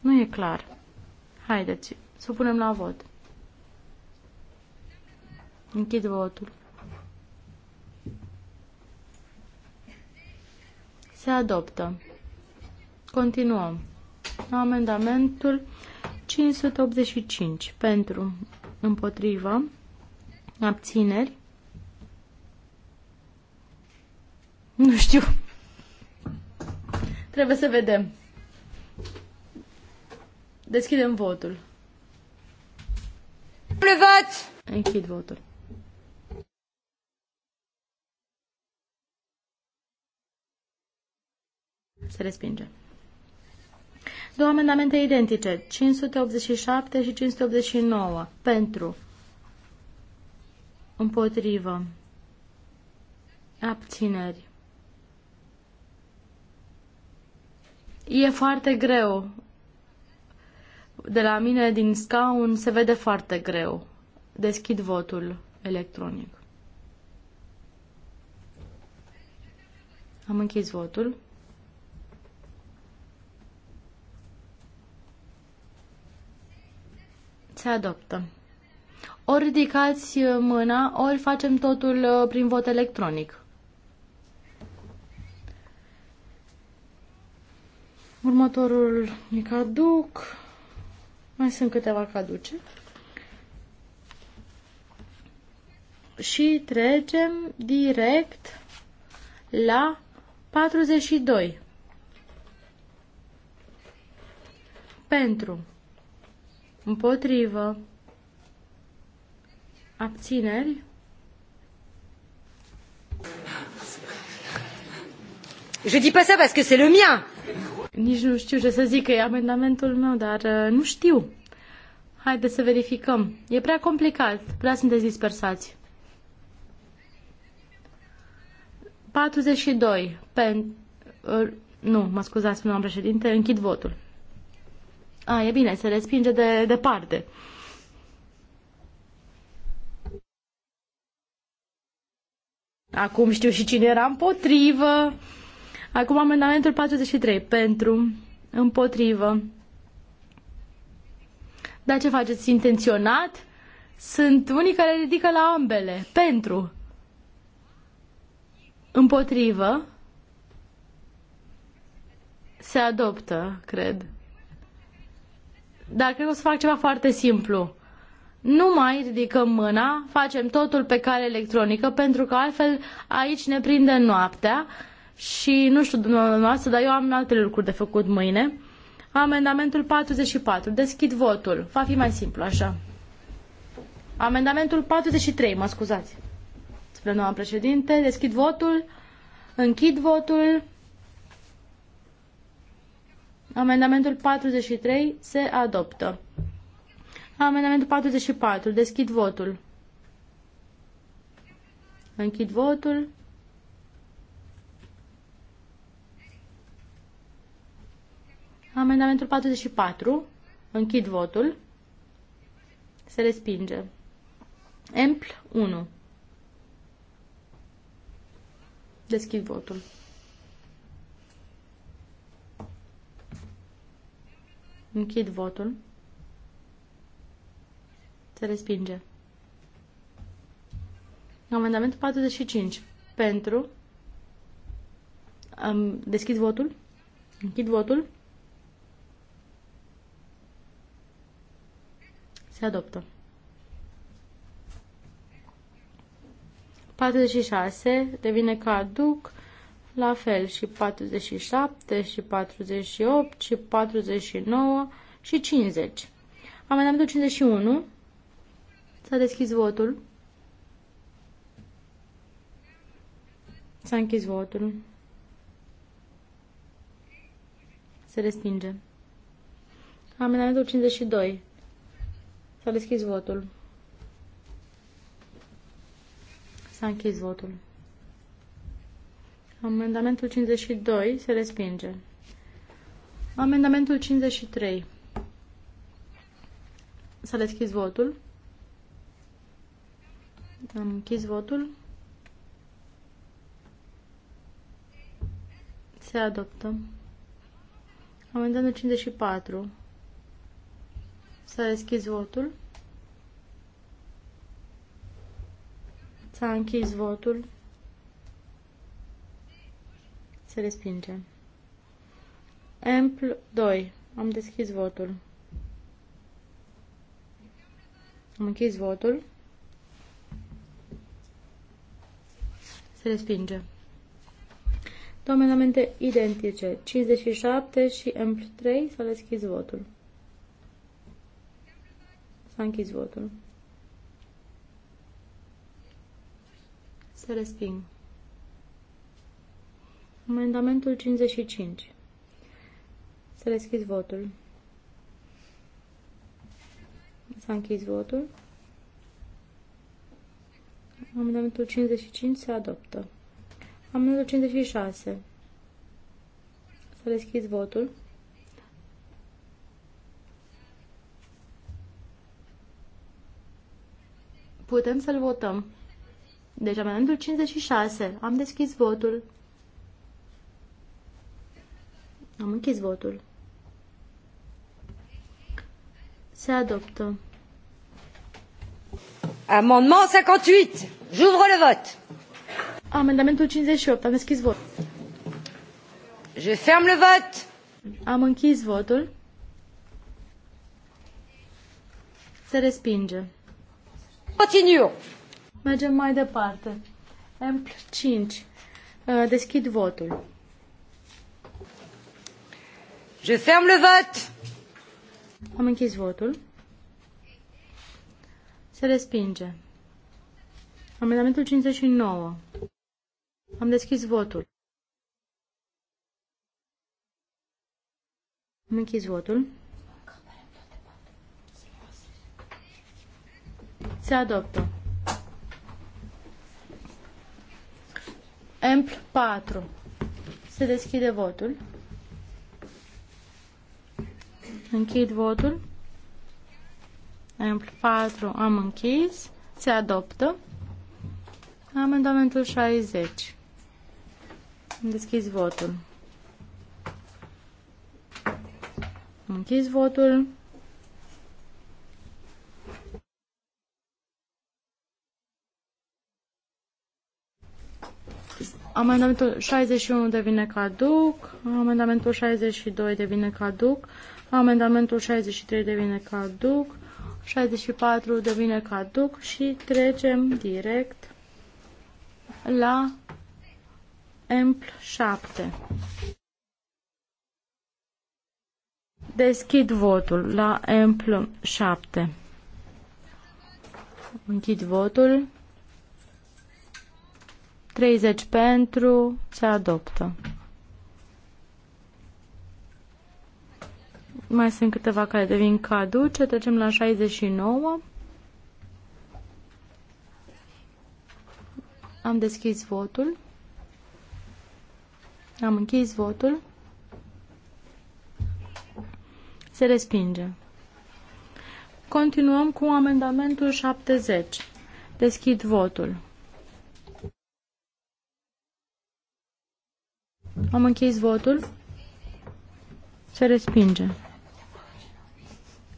Nu e clar. Haideți, să punem la vot. Închid votul. Se adoptă. Continuăm. Amendamentul 585. Pentru, împotrivă, abțineri, Nu știu. Trebuie să vedem. Deschidem votul. Privat! Închid votul. Se respinge. Două amendamente identice, 587 și 589, pentru, împotrivă, abțineri, E foarte greu. De la mine din scaun se vede foarte greu. Deschid votul electronic. Am închis votul. Se adoptă. Ori ridicați mâna, ori facem totul uh, prin vot electronic. Următorul e caduc. Mai sunt câteva caduce. Și trecem direct la 42. Pentru. Împotrivă. Abțineri. Je dis pas ça parce que c'est le mien nici nu știu ce să zic, că e amendamentul meu, dar uh, nu știu. Haideți să verificăm. E prea complicat, prea sunteți dispersați. 42. Pen... Uh, nu, mă scuzați, domnul președinte, închid votul. A, ah, e bine, se respinge de departe. Acum știu și cine era împotrivă. Acum amendamentul 43. Pentru, împotrivă. Dar ce faceți? Intenționat? Sunt unii care ridică la ambele. Pentru. Împotrivă. Se adoptă, cred. Dar cred că o să fac ceva foarte simplu. Nu mai ridicăm mâna, facem totul pe cale electronică, pentru că altfel aici ne prinde noaptea și nu știu dumneavoastră, dar eu am alte lucruri de făcut mâine. Amendamentul 44. Deschid votul. Va fi mai simplu, așa. Amendamentul 43, mă scuzați. Spre noua președinte, deschid votul. Închid votul. Amendamentul 43 se adoptă. Amendamentul 44. Deschid votul. Închid votul. Amendamentul 44. Închid votul. Se respinge. Empl 1. Deschid votul. Închid votul. Se respinge. Amendamentul 45. Pentru. Deschid votul. Închid votul. Se adoptă. 46 devine caduc, la fel și 47 și 48 și 49 și 50. Amendamentul 51. S-a deschis votul. S-a închis votul. Se respinge. Amendamentul 52. S-a deschis votul. S-a închis votul. Amendamentul 52 se respinge. Amendamentul 53. S-a deschis votul. Am închis votul. Se adoptă. Amendamentul 54. S-a deschis votul. S-a închis votul. Se respinge. Ampl 2. Am deschis votul. Am închis votul. Se respinge. Două amendamente identice, 57 și Ampl 3, s-a deschis votul. S-a închis votul. Se resping. Amendamentul 55. Să deschizi votul. S-a închis votul. Amendamentul 55 se adoptă. Amendamentul 56. Să deschizi votul. Putem să-l votăm. Deci amendamentul 56. Am deschis votul. Am închis votul. Se adoptă. Amendement 58. J'ouvre le vot. Amendamentul 58. Am deschis votul. Je ferme le vot. Am închis votul. Se respinge. Continue. Mergem mai departe. m 5. Uh, deschid votul. Je ferme le vote. Am închis votul. Se respinge. Amendamentul 59. Am deschis votul. Am închis votul. Se adoptă. Empl 4. Se deschide votul. Închid votul. Empl 4 am închis. Se adoptă. Amendamentul 60. Deschis votul. Închis votul. Amendamentul 61 devine caduc, amendamentul 62 devine caduc, amendamentul 63 devine caduc, 64 devine caduc și trecem direct la Empl 7. Deschid votul la Empl 7. Închid votul. 30 pentru, se adoptă. Mai sunt câteva care devin caduce, trecem la 69. Am deschis votul. Am închis votul. Se respinge. Continuăm cu amendamentul 70. Deschid votul. Am închis votul. Se respinge.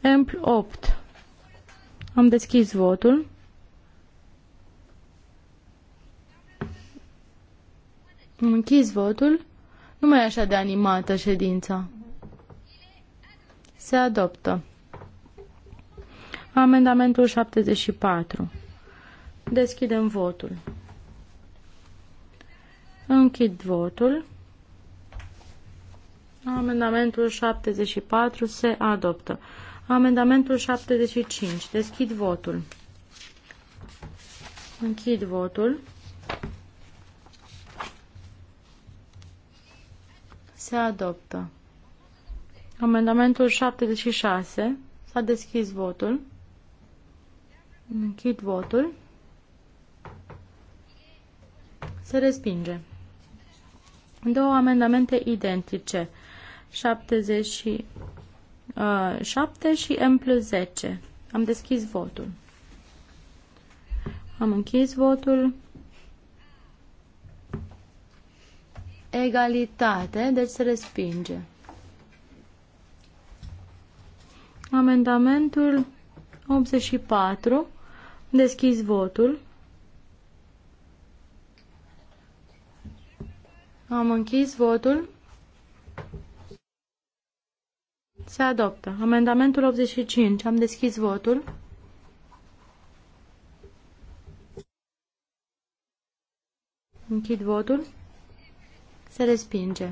Empl 8. Am deschis votul. Am închis votul. Nu mai e așa de animată ședința. Se adoptă. Amendamentul 74. Deschidem votul. Închid votul. Amendamentul 74 se adoptă. Amendamentul 75. Deschid votul. Închid votul. Se adoptă. Amendamentul 76. S-a deschis votul. Închid votul. Se respinge. Două amendamente identice. 77 uh, și M plus 10. Am deschis votul. Am închis votul. Egalitate, deci se respinge. Amendamentul 84. Deschis votul. Am închis votul. Se adoptă. Amendamentul 85. Am deschis votul. Închid votul. Se respinge.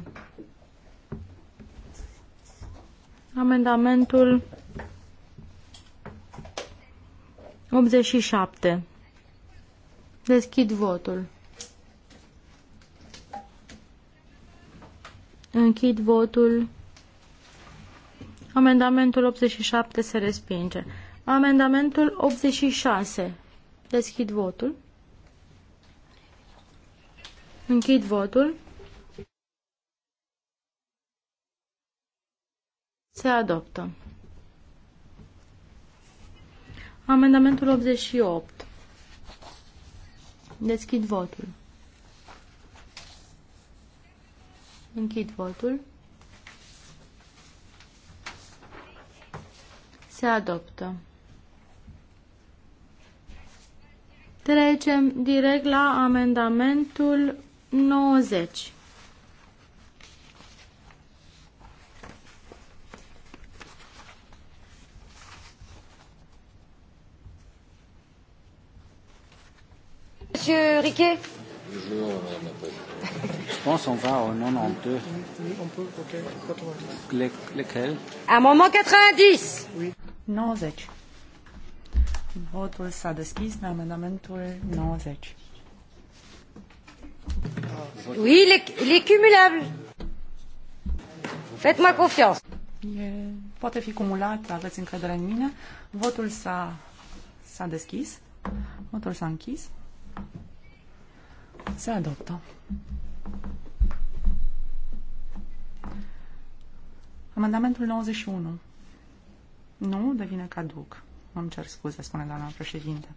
Amendamentul 87. Deschid votul. Închid votul. Amendamentul 87 se respinge. Amendamentul 86. Deschid votul. Închid votul. Se adoptă. Amendamentul 88. Deschid votul. Închid votul. Se adoptă. Trecem direct la amendamentul 90. Monsieur Riquet Je pense qu'on va au 92. Oui, on peut, ok, 90. Le, lequel Amendement 90 Oui. 90. Votul s-a deschis la amendamentul 90. Oui, il est, il cumulable. Faites-moi confiance. E, poate fi cumulat, aveți încredere în mine. Votul s-a, s-a deschis. Votul s-a închis. Se adoptă. Amendamentul 91. Nu, devine caduc. Îmi cer scuze, spune doamna președinte.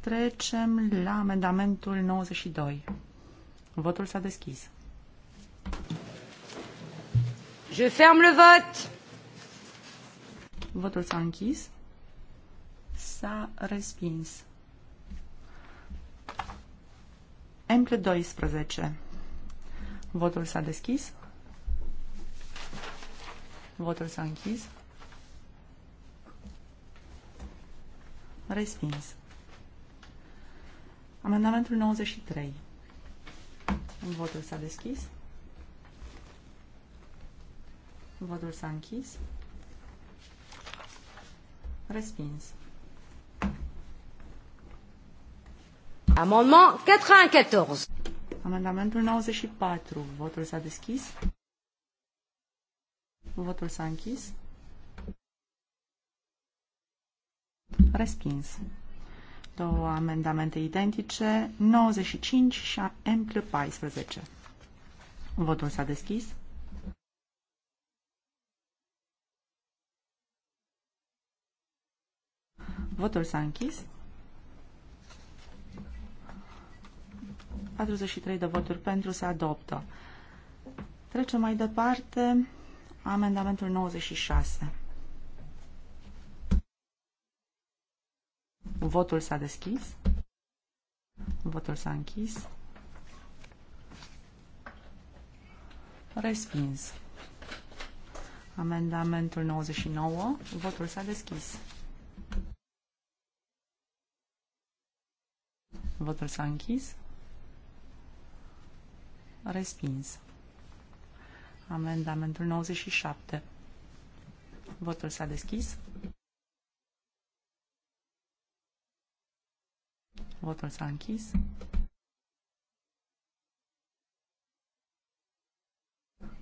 Trecem la amendamentul 92. Votul s-a deschis. Je ferme le vot. Votul s-a închis. S-a respins. Emple 12. Votul s-a deschis. Votul s-a închis. Respins. Amendamentul 93. Votul s-a deschis. Votul s-a închis. Respins. Amendement 94. Amendamentul 94. Votul s-a deschis. Votul s-a închis. Respins. Două amendamente identice, 95 și ampl 14. Votul s-a deschis. Votul s-a închis. 43 de voturi pentru se adoptă. Trecem mai departe Amendamentul 96. Votul s-a deschis. Votul s-a închis. Respins. Amendamentul 99. Votul s-a deschis. Votul s-a închis. Respins. Amendamentul 97. Votul s-a deschis. Votul s-a închis.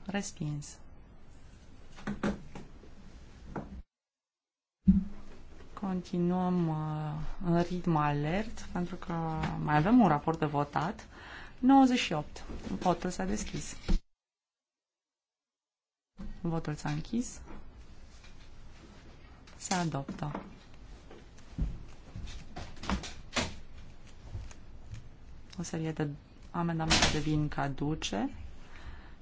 Respins. Continuăm uh, în ritm alert, pentru că mai avem un raport de votat. 98. Votul s-a deschis. Votul s-a închis. Se adoptă. O serie de amendamente devin caduce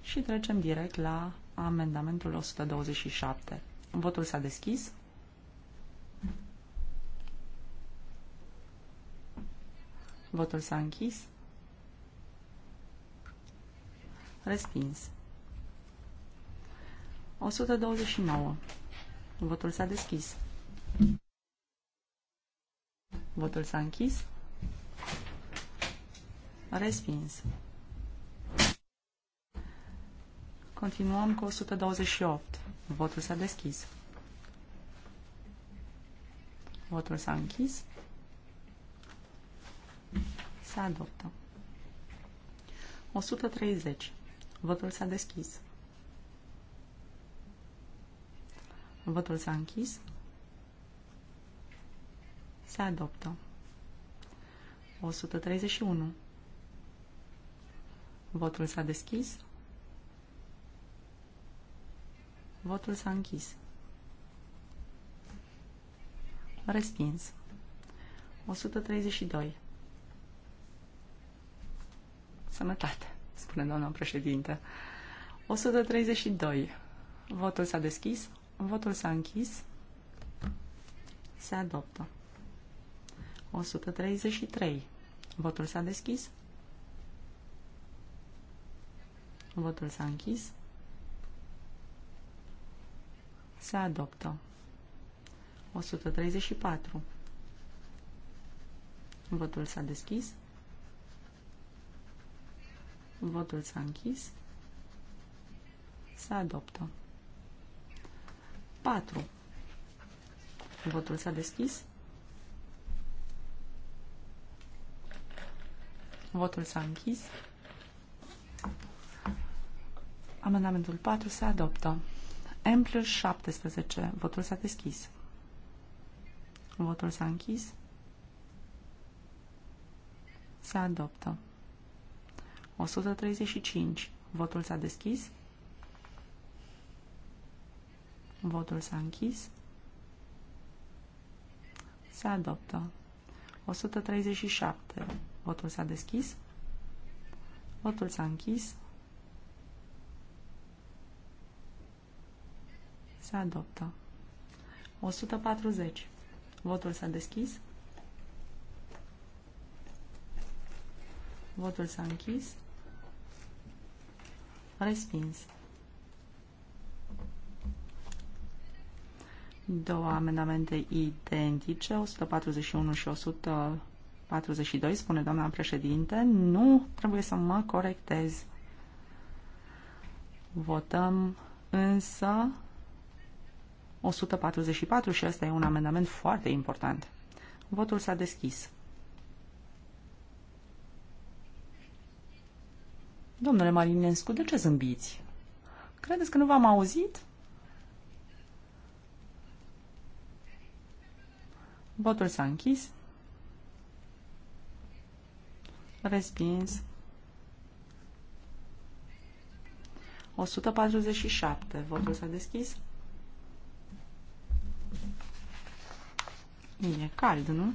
și trecem direct la amendamentul 127. Votul s-a deschis. Votul s-a închis. Respins. 129. Votul s-a deschis. Votul s-a închis. Respins. Continuăm cu 128. Votul s-a deschis. Votul s-a închis. Se adoptă. 130. Votul s-a deschis. Votul s-a închis. Se adoptă. 131. Votul s-a deschis. Votul s-a închis. Respins. 132. Sănătate, spune doamna președinte. 132. Votul s-a deschis. Votul s-a închis. Se adoptă. 133. Votul s-a deschis. Votul s-a închis. Se adoptă. 134. Votul s-a deschis. Votul s-a închis. Se adoptă. 4. Votul s-a deschis. Votul s-a închis. Amendamentul 4 se adoptă. M plus 17. Votul s-a deschis. Votul s-a închis. Se adoptă. 135. Votul s-a deschis. Votul s-a închis. Se adoptă. 137. Votul s-a deschis. Votul s-a închis. Se adoptă. 140. Votul s-a deschis. Votul s-a închis. Respins. Două amendamente identice, 141 și 142, spune doamna președinte. Nu, trebuie să mă corectez. Votăm însă 144 și ăsta e un amendament foarte important. Votul s-a deschis. Domnule Marinescu, de ce zâmbiți? Credeți că nu v-am auzit? Votul s-a închis. Respins. 147. Votul s-a deschis. E cald, nu?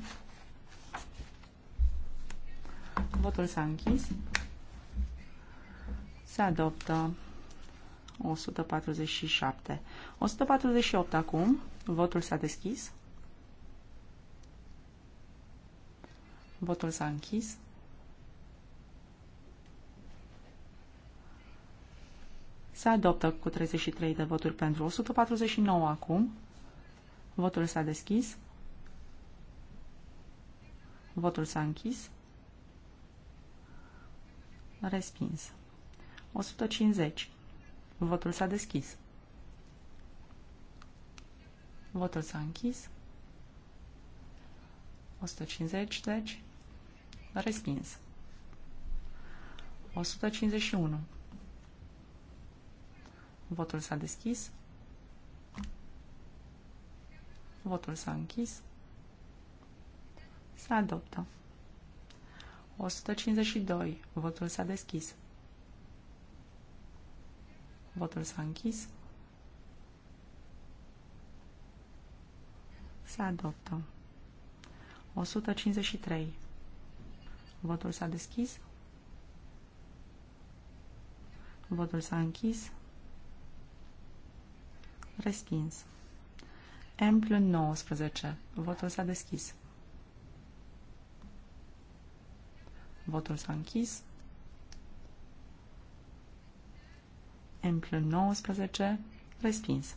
Votul s-a închis. Se adoptă 147. 148 acum. Votul s-a deschis. Votul s-a închis. Se adoptă cu 33 de voturi pentru 149 acum. Votul s-a deschis. Votul s-a închis. Respins. 150. Votul s-a deschis. Votul s-a închis. 150, deci. Respins. 151. Votul s-a deschis. Votul s-a închis. Se adoptă. 152. Votul s-a deschis. Votul s-a închis. Se adoptă. 153. Votul s-a deschis. Votul s-a închis. Respins. Amplu 19. Votul s-a deschis. Votul s-a închis. Amplu 19. Respins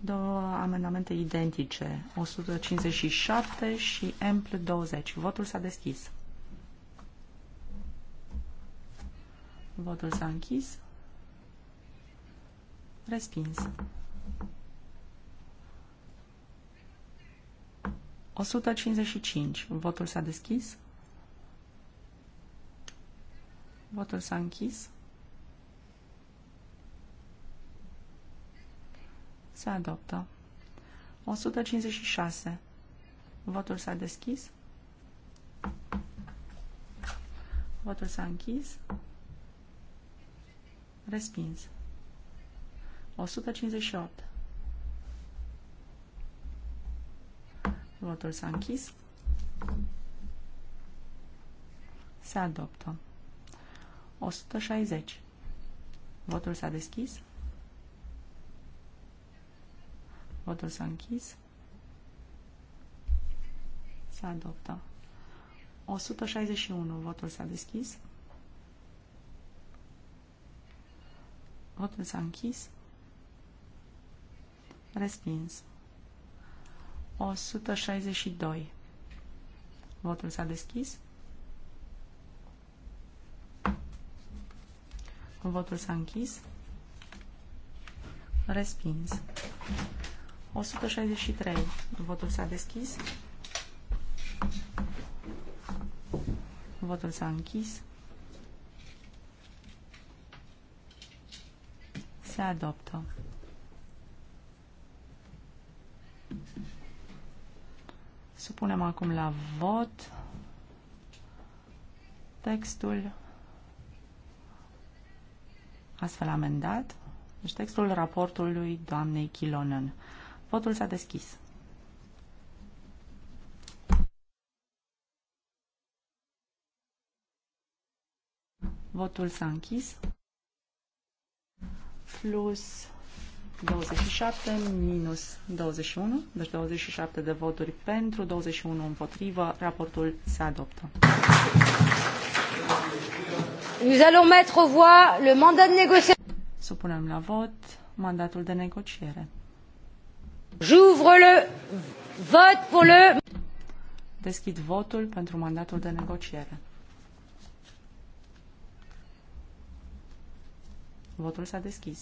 două amendamente identice, 157 și ampl 20. Votul s-a deschis. Votul s-a închis. Respins. 155. Votul s-a deschis. Votul s-a închis. se adoptă. 156. Votul s-a deschis. Votul s-a închis. Respins. 158. Votul s-a închis. Se adoptă. 160. Votul s-a deschis. Votul s-a închis. Se adoptă. 161. Votul s-a deschis. Votul s-a închis. Respins. 162. Votul s-a deschis. Votul s-a închis. Respins. 163. Votul s-a deschis. Votul s-a închis. Se adoptă. Supunem acum la vot textul astfel amendat, deci textul raportului doamnei Chilonen. Votul s-a deschis. Votul s-a închis. Plus 27 minus 21, deci 27 de voturi pentru, 21 împotrivă, raportul se adoptă. Nous allons mettre au voie le mandat de négociation. Supunem la vot mandatul de negociere. J'ouvre le pour le... Deschid votul pentru mandatul de negociere. Votul s-a deschis.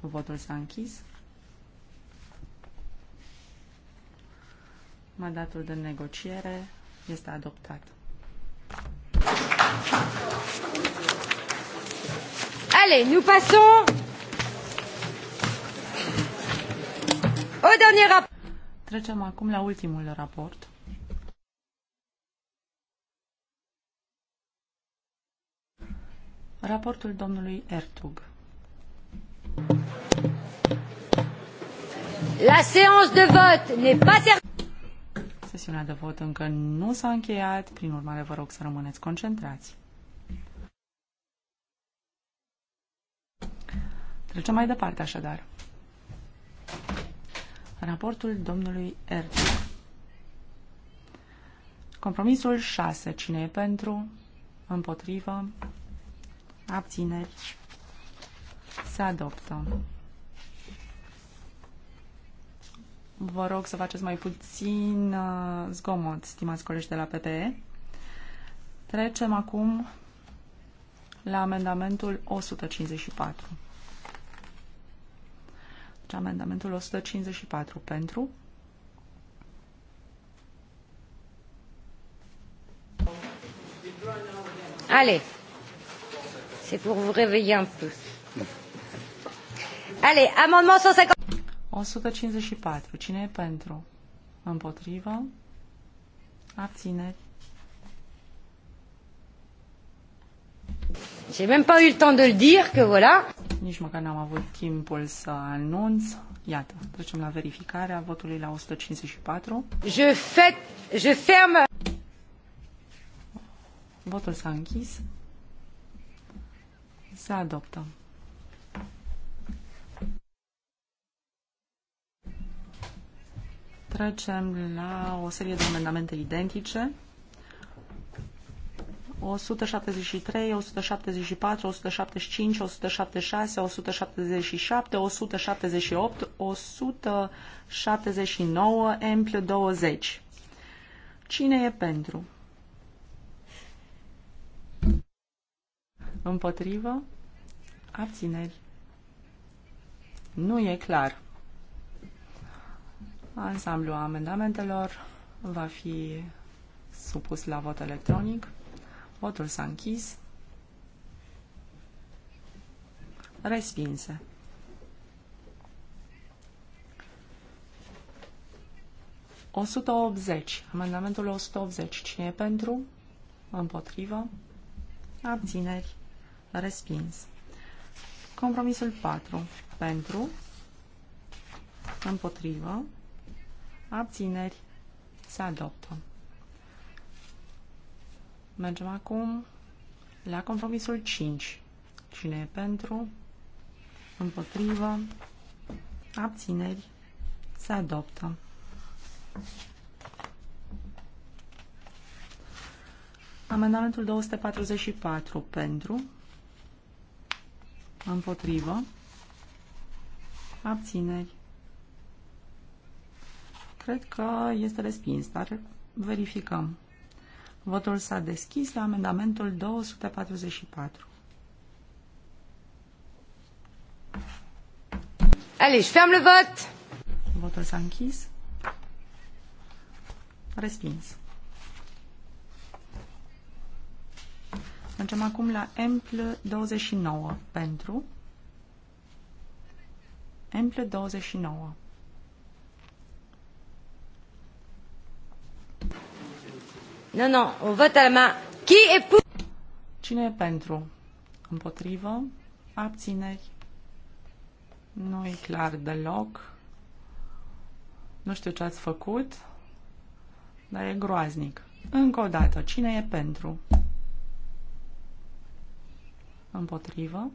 Votul s-a închis. Mandatul de negociere este adoptat. Allez, nous passons dernier Trecem acum la ultimul raport. Raportul domnului Ertug. La séance de vot n'est pas terminée. Sesiunea de vot încă nu s-a încheiat, prin urmare vă rog să rămâneți concentrați. Trecem mai departe așadar raportul domnului Erdogan. Compromisul 6. Cine e pentru? Împotrivă? Abțineri? Se adoptă. Vă rog să faceți mai puțin uh, zgomot, stimați colegi de la PPE. Trecem acum la amendamentul 154. Deci amendamentul 154 pentru. Allez, c'est pour vous réveiller un peu. Allez, amendement 150. 154. Cine e pentru? Împotrivă? Abțineri? J'ai même pas eu le temps de le dire que voilà. Nici măcar n-am avut timpul să anunț. Iată, trecem la verificarea votului la 154. Je fait, je ferme. Votul s-a închis. Se adoptă. Trecem la o serie de amendamente identice. 173, 174, 175, 176, 177, 178, 179, amplu 20. Cine e pentru? Împotrivă? Abțineri. Nu e clar. Ansamblul amendamentelor va fi supus la vot electronic. Votul s-a închis. Respinse. O sută optzeci. Amendamentul 180. Cine e pentru? Împotrivă? Abțineri. Respins. Compromisul 4. Pentru. Împotrivă. Abțineri. Se adoptă. Mergem acum la compromisul 5. Cine e pentru? Împotrivă? Abțineri? Se adoptă. Amendamentul 244 pentru, împotrivă, abțineri. Cred că este respins, dar verificăm. Votul s-a deschis la amendamentul 244. Allez, je ferme le vote. Votul s-a închis. Respins. Mergem acum la Empl 29 pentru Empl 29 Nu, nu, un vot la main. Qui est Cine e pentru? Împotrivă? Abțineri? Nu e clar deloc. Nu știu ce ați făcut, dar e groaznic. Încă o dată, cine e pentru? Împotrivă?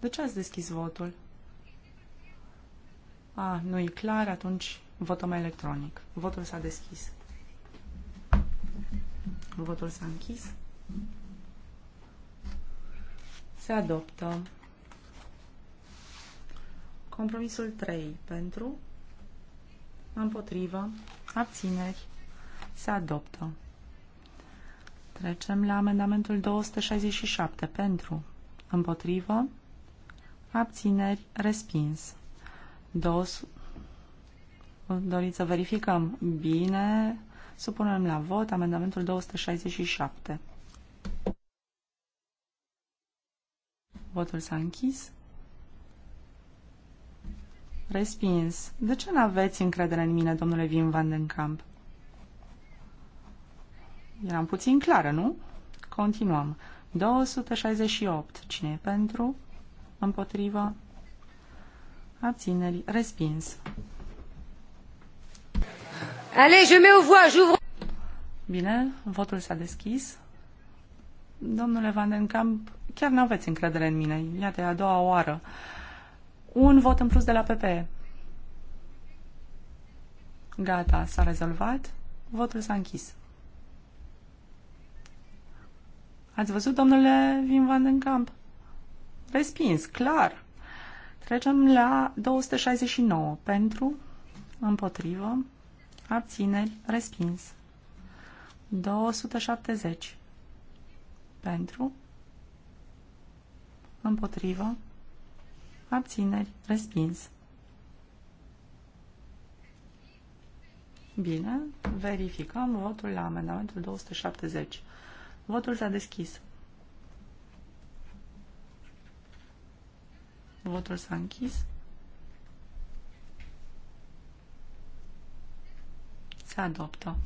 De ce ați deschis votul? A, ah, nu e clar, atunci Votăm electronic. Votul s-a deschis. Votul s-a închis. Se adoptă. Compromisul 3 pentru, împotrivă, abțineri, se adoptă. Trecem la amendamentul 267 pentru, împotrivă, abțineri, respins. 2 Doriți să verificăm? Bine. Supunem la vot amendamentul 267. Votul s-a închis. Respins. De ce nu aveți încredere în mine, domnule Vin Van den Kamp? Eram puțin clară, nu? Continuăm. 268. Cine e pentru? Împotrivă? Abțineri. Respins. Allez, je mets au voix, j'ouvre. Bine, votul s-a deschis. Domnule Van den Kamp, chiar nu aveți încredere în mine. Iată, e a doua oară. Un vot în plus de la PP. Gata, s-a rezolvat. Votul s-a închis. Ați văzut, domnule Vin Van den Kamp? Respins, clar. Trecem la 269. Pentru, împotrivă, abțineri, respins. 270 pentru, împotrivă, abțineri, respins. Bine, verificăm votul la amendamentul 270. Votul s-a deschis. Votul s-a închis. Se adoptă.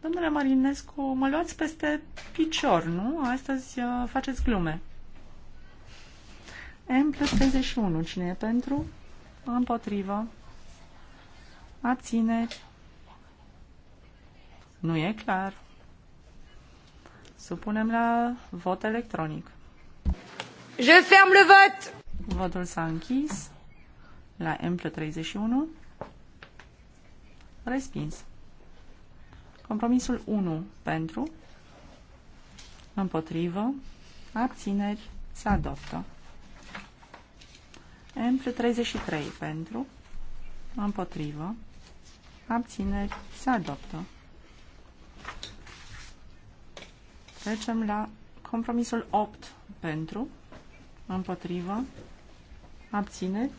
Domnule Marinescu, mă luați peste picior, nu? Astăzi uh, faceți glume. M plus 31. Cine e pentru? Împotrivă. Abțineri. Nu e clar. Supunem la vot electronic. Je ferme le vot. Votul s-a închis la Ample 31. Respins. Compromisul 1 pentru, împotrivă, abțineri, se adoptă. Ample 33 pentru, împotrivă, abțineri, se adoptă. Trecem la compromisul 8 pentru, împotrivă, abțineri,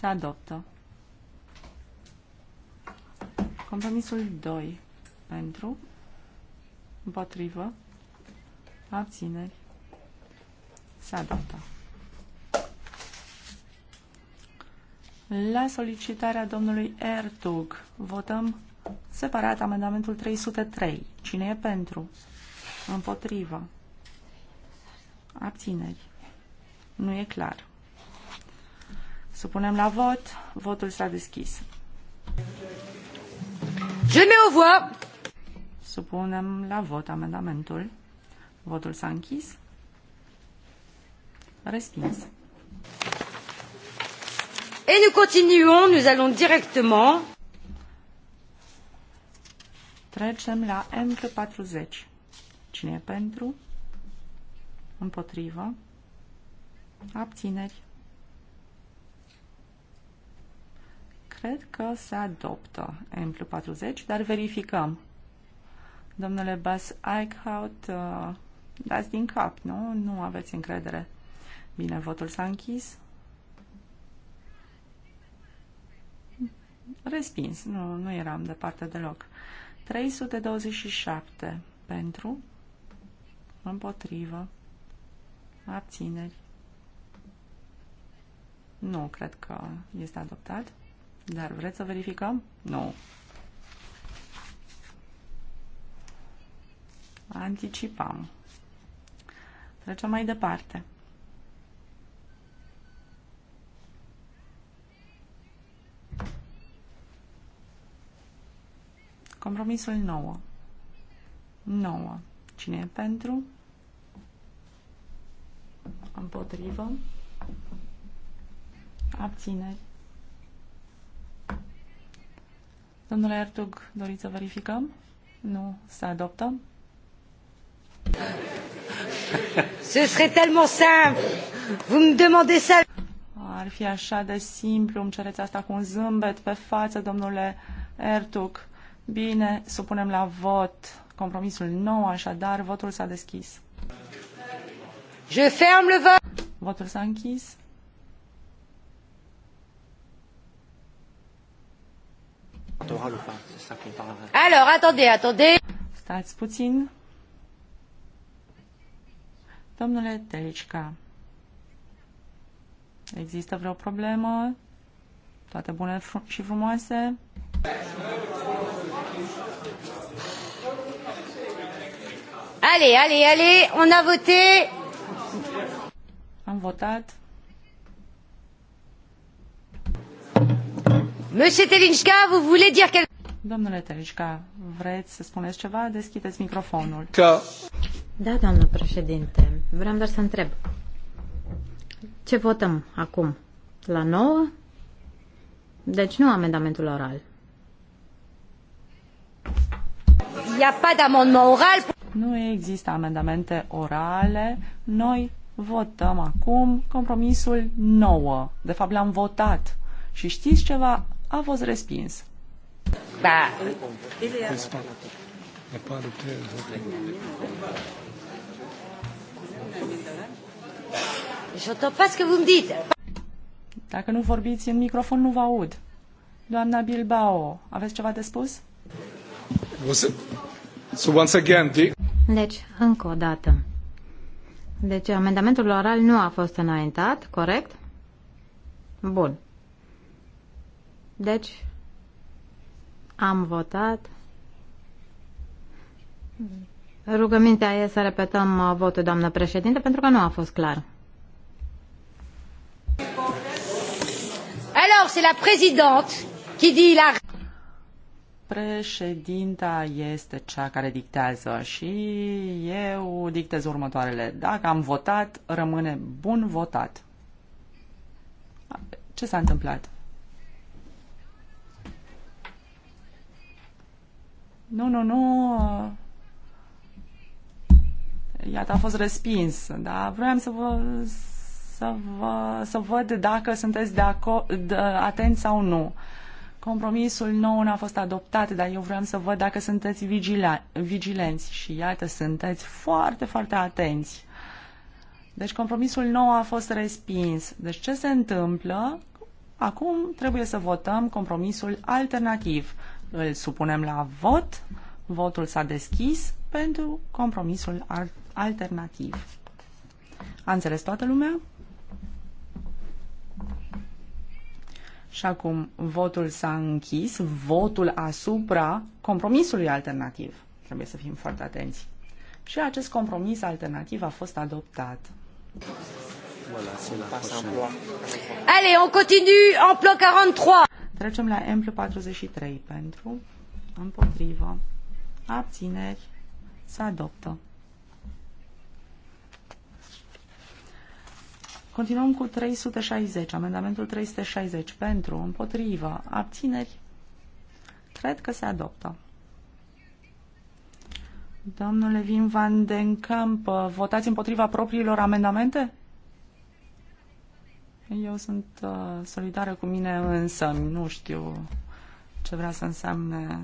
se adoptă. Compromisul 2. Pentru. Împotrivă. Abțineri. Se adoptă. La solicitarea domnului Ertug, votăm separat amendamentul 303. Cine e pentru? Împotrivă. Abțineri. Nu e clar. Supunem la vot. Votul s-a deschis. Je mets au voix. Supunem la vot amendamentul. Votul s-a închis. Respins. Et nous continuons, nous allons directement. Trecem la M40. Cine e pentru? Împotrivă? Abțineri? Cred că se adoptă M 40, dar verificăm. Domnule Bas Eichhout, uh, dați din cap, nu? Nu aveți încredere. Bine, votul s-a închis. Respins, nu, nu eram departe deloc. 327 pentru, împotrivă, abțineri. Nu cred că este adoptat. Dar vreți să verificăm? Nu. Anticipam. Trecem mai departe. Compromisul 9. 9. Cine e pentru? Împotrivă. Abțineri. Domnule Ertug, doriți să verificăm? Nu, se adoptă. Ce serait tellement simple. Vous me demandez ça. Ar fi așa de simplu, îmi cereți asta cu un zâmbet pe față, domnule Ertug. Bine, supunem la vot compromisul nou, așadar votul s-a deschis. Je ferme le vot. Votul s-a închis. Alors, attendez, attendez. Stați puțin. Domnule Telicica, există vreo problemă? Toate bune fr- și frumoase? Allez, allez, allez, on a voté. Am votat. Monsieur Telinchka, vous voulez dire quelque... Domnule Telinchka, vreți să spuneți ceva? Deschideți microfonul. Că... Da, doamnă președinte. Vreau doar să întreb. Ce votăm acum? La 9? Deci nu amendamentul oral. Nu există amendamente orale. Noi votăm acum compromisul 9. De fapt, l-am votat. Și știți ceva? a fost respins. Da. Dacă nu vorbiți în microfon, nu vă aud. Doamna Bilbao, aveți ceva de spus? So once again, the... Deci, încă o dată. Deci, amendamentul oral nu a fost înaintat, corect? Bun. Deci, am votat. Rugămintea e să repetăm uh, votul, doamnă președinte, pentru că nu a fost clar. Alors, c'est la présidente qui dit la... Președinta este cea care dictează și eu dictez următoarele. Dacă am votat, rămâne bun votat. Ce s-a întâmplat? Nu, nu, nu. Iată, a fost respins, da? Vreau să vă, să vă să văd dacă sunteți de acord, atenți sau nu. Compromisul nou nu a fost adoptat, dar eu vreau să văd dacă sunteți vigila, vigilenți și iată, sunteți foarte, foarte atenți. Deci compromisul nou a fost respins. Deci ce se întâmplă? Acum trebuie să votăm compromisul alternativ. Îl supunem la vot. Votul s-a deschis pentru compromisul alternativ. A înțeles toată lumea? Și acum votul s-a închis, votul asupra compromisului alternativ. Trebuie să fim foarte atenți. Și acest compromis alternativ a fost adoptat. Voilà, Allez, on continue en plan 43. Trecem la Emplu 43 pentru, împotrivă, abțineri, să adoptă. Continuăm cu 360, amendamentul 360 pentru, împotrivă, abțineri, cred că se adoptă. Domnule Vin Van Den Camp, votați împotriva propriilor amendamente? Eu sunt uh, solidară cu mine însă. Nu știu ce vrea să însemne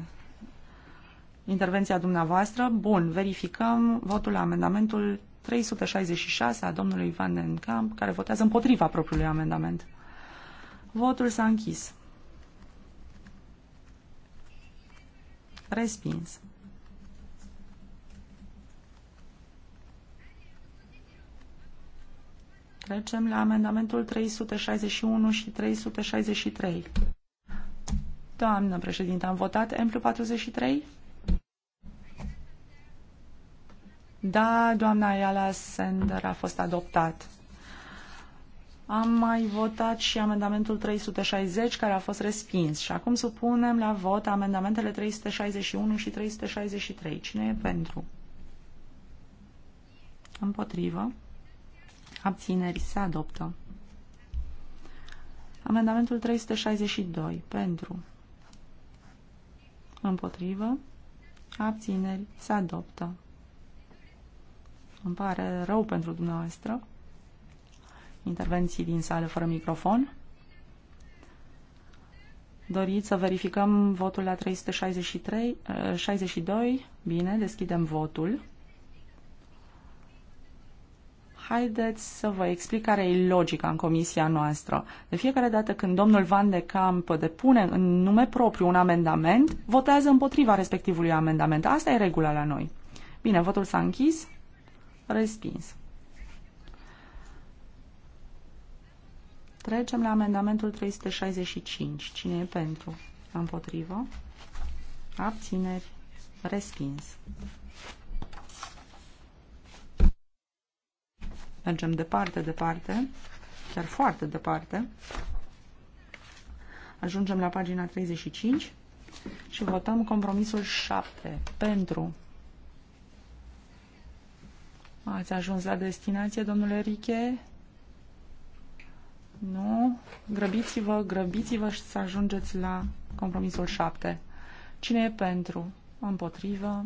intervenția dumneavoastră. Bun, verificăm votul la amendamentul 366 a domnului Ivan den care votează împotriva propriului amendament. Votul s-a închis. Respins. Trecem la amendamentul 361 și 363. Doamnă președinte, am votat M43? Da, doamna Ayala Sender a fost adoptat. Am mai votat și amendamentul 360, care a fost respins. Și acum supunem la vot amendamentele 361 și 363. Cine e pentru? Împotrivă abțineri se adoptă. Amendamentul 362 pentru împotrivă abțineri se adoptă. Îmi pare rău pentru dumneavoastră. Intervenții din sală fără microfon. Doriți să verificăm votul la 363? 62? Eh, Bine, deschidem votul. Haideți să vă explic care e logica în comisia noastră. De fiecare dată când domnul Van de Camp depune în nume propriu un amendament, votează împotriva respectivului amendament. Asta e regula la noi. Bine, votul s-a închis. Respins. Trecem la amendamentul 365. Cine e pentru? Împotrivă? Abțineri? Respins. Mergem departe, departe, chiar foarte departe. Ajungem la pagina 35 și votăm compromisul 7 pentru. Ați ajuns la destinație, domnule Riche? Nu? Grăbiți-vă, grăbiți-vă și să ajungeți la compromisul 7. Cine e pentru? Împotrivă?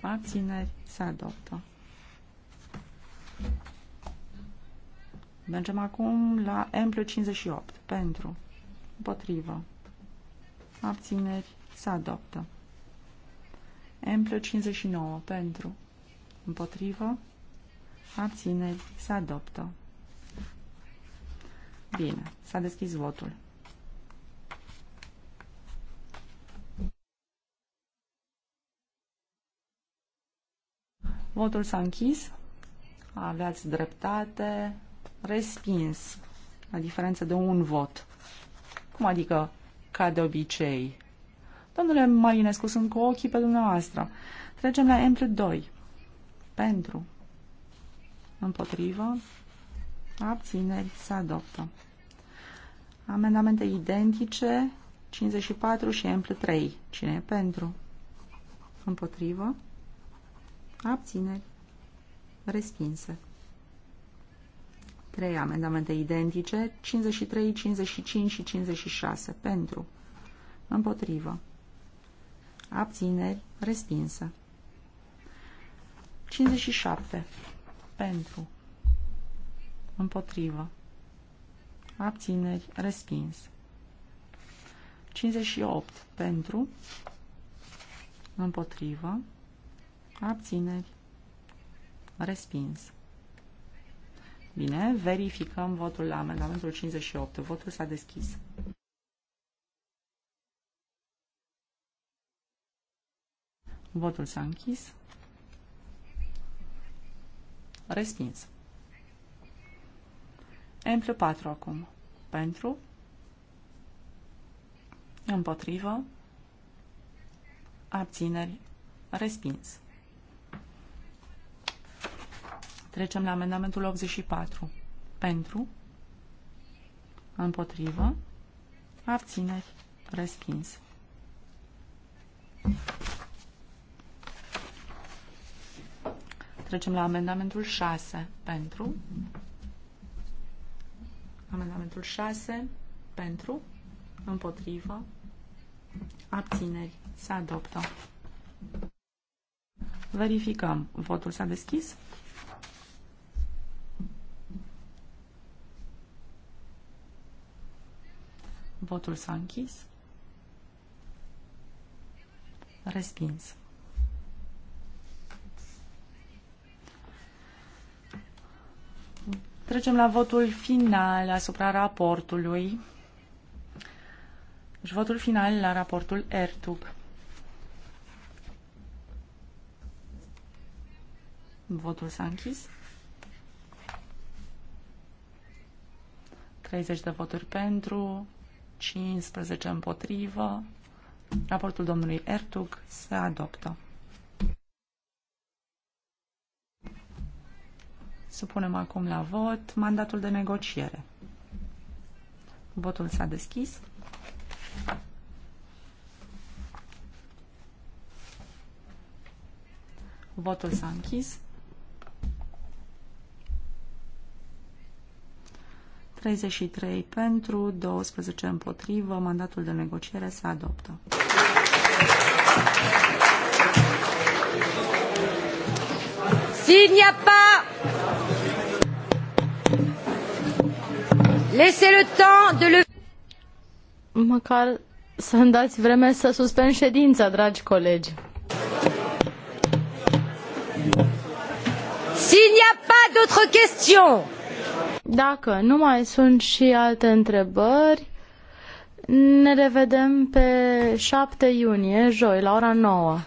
Abțineri? Se adoptă. Mergem acum la M plus 58. Pentru. Împotrivă. Abțineri. Se adoptă. M plus 59. Pentru. Împotrivă. Abțineri. Se adoptă. Bine. S-a deschis votul. Votul s-a închis. Aveați dreptate. Respins. La diferență de un vot. Cum adică ca de obicei? Domnule Marinescu, sunt cu ochii pe dumneavoastră. Trecem la m 2. Pentru. Împotrivă. Abțineri. Se adoptă. Amendamente identice 54 și m 3. Cine e pentru? Împotrivă. Abțineri. Respinse. Trei amendamente identice, 53, 55 și 56. Pentru. Împotrivă. Abțineri. Respinsă. 57. Pentru. Împotrivă. Abțineri. Respins. 58. Pentru. Împotrivă. Abțineri. Respins. Bine, verificăm votul la amendamentul 58. Votul s-a deschis. Votul s-a închis. Respins. Emplu 4 acum. Pentru. Împotrivă. Abțineri. Respins. Trecem la amendamentul 84. Pentru. Împotrivă. Abțineri. Respins. Trecem la amendamentul 6. Pentru. Amendamentul 6. Pentru. Împotrivă. Abțineri. Se adoptă. Verificăm. Votul s-a deschis. Votul s-a închis. Respins. Trecem la votul final asupra raportului. Și deci, votul final la raportul RTUB. Votul s-a închis. 30 de voturi pentru, 15 împotrivă. Raportul domnului Ertug se adoptă. Supunem acum la vot mandatul de negociere. Votul s-a deschis. Votul s-a închis. 33 pentru, 12 împotrivă. Mandatul de negociere se adoptă. S'il n'y a pas... Laissez le temps de le... Măcar să-mi dați vreme să suspend ședința, dragi colegi. S'il n'y a pas d'autres questions... Dacă nu mai sunt și alte întrebări, ne revedem pe 7 iunie, joi, la ora 9.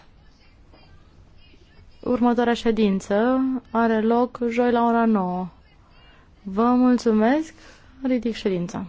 Următoarea ședință are loc joi la ora 9. Vă mulțumesc, ridic ședința.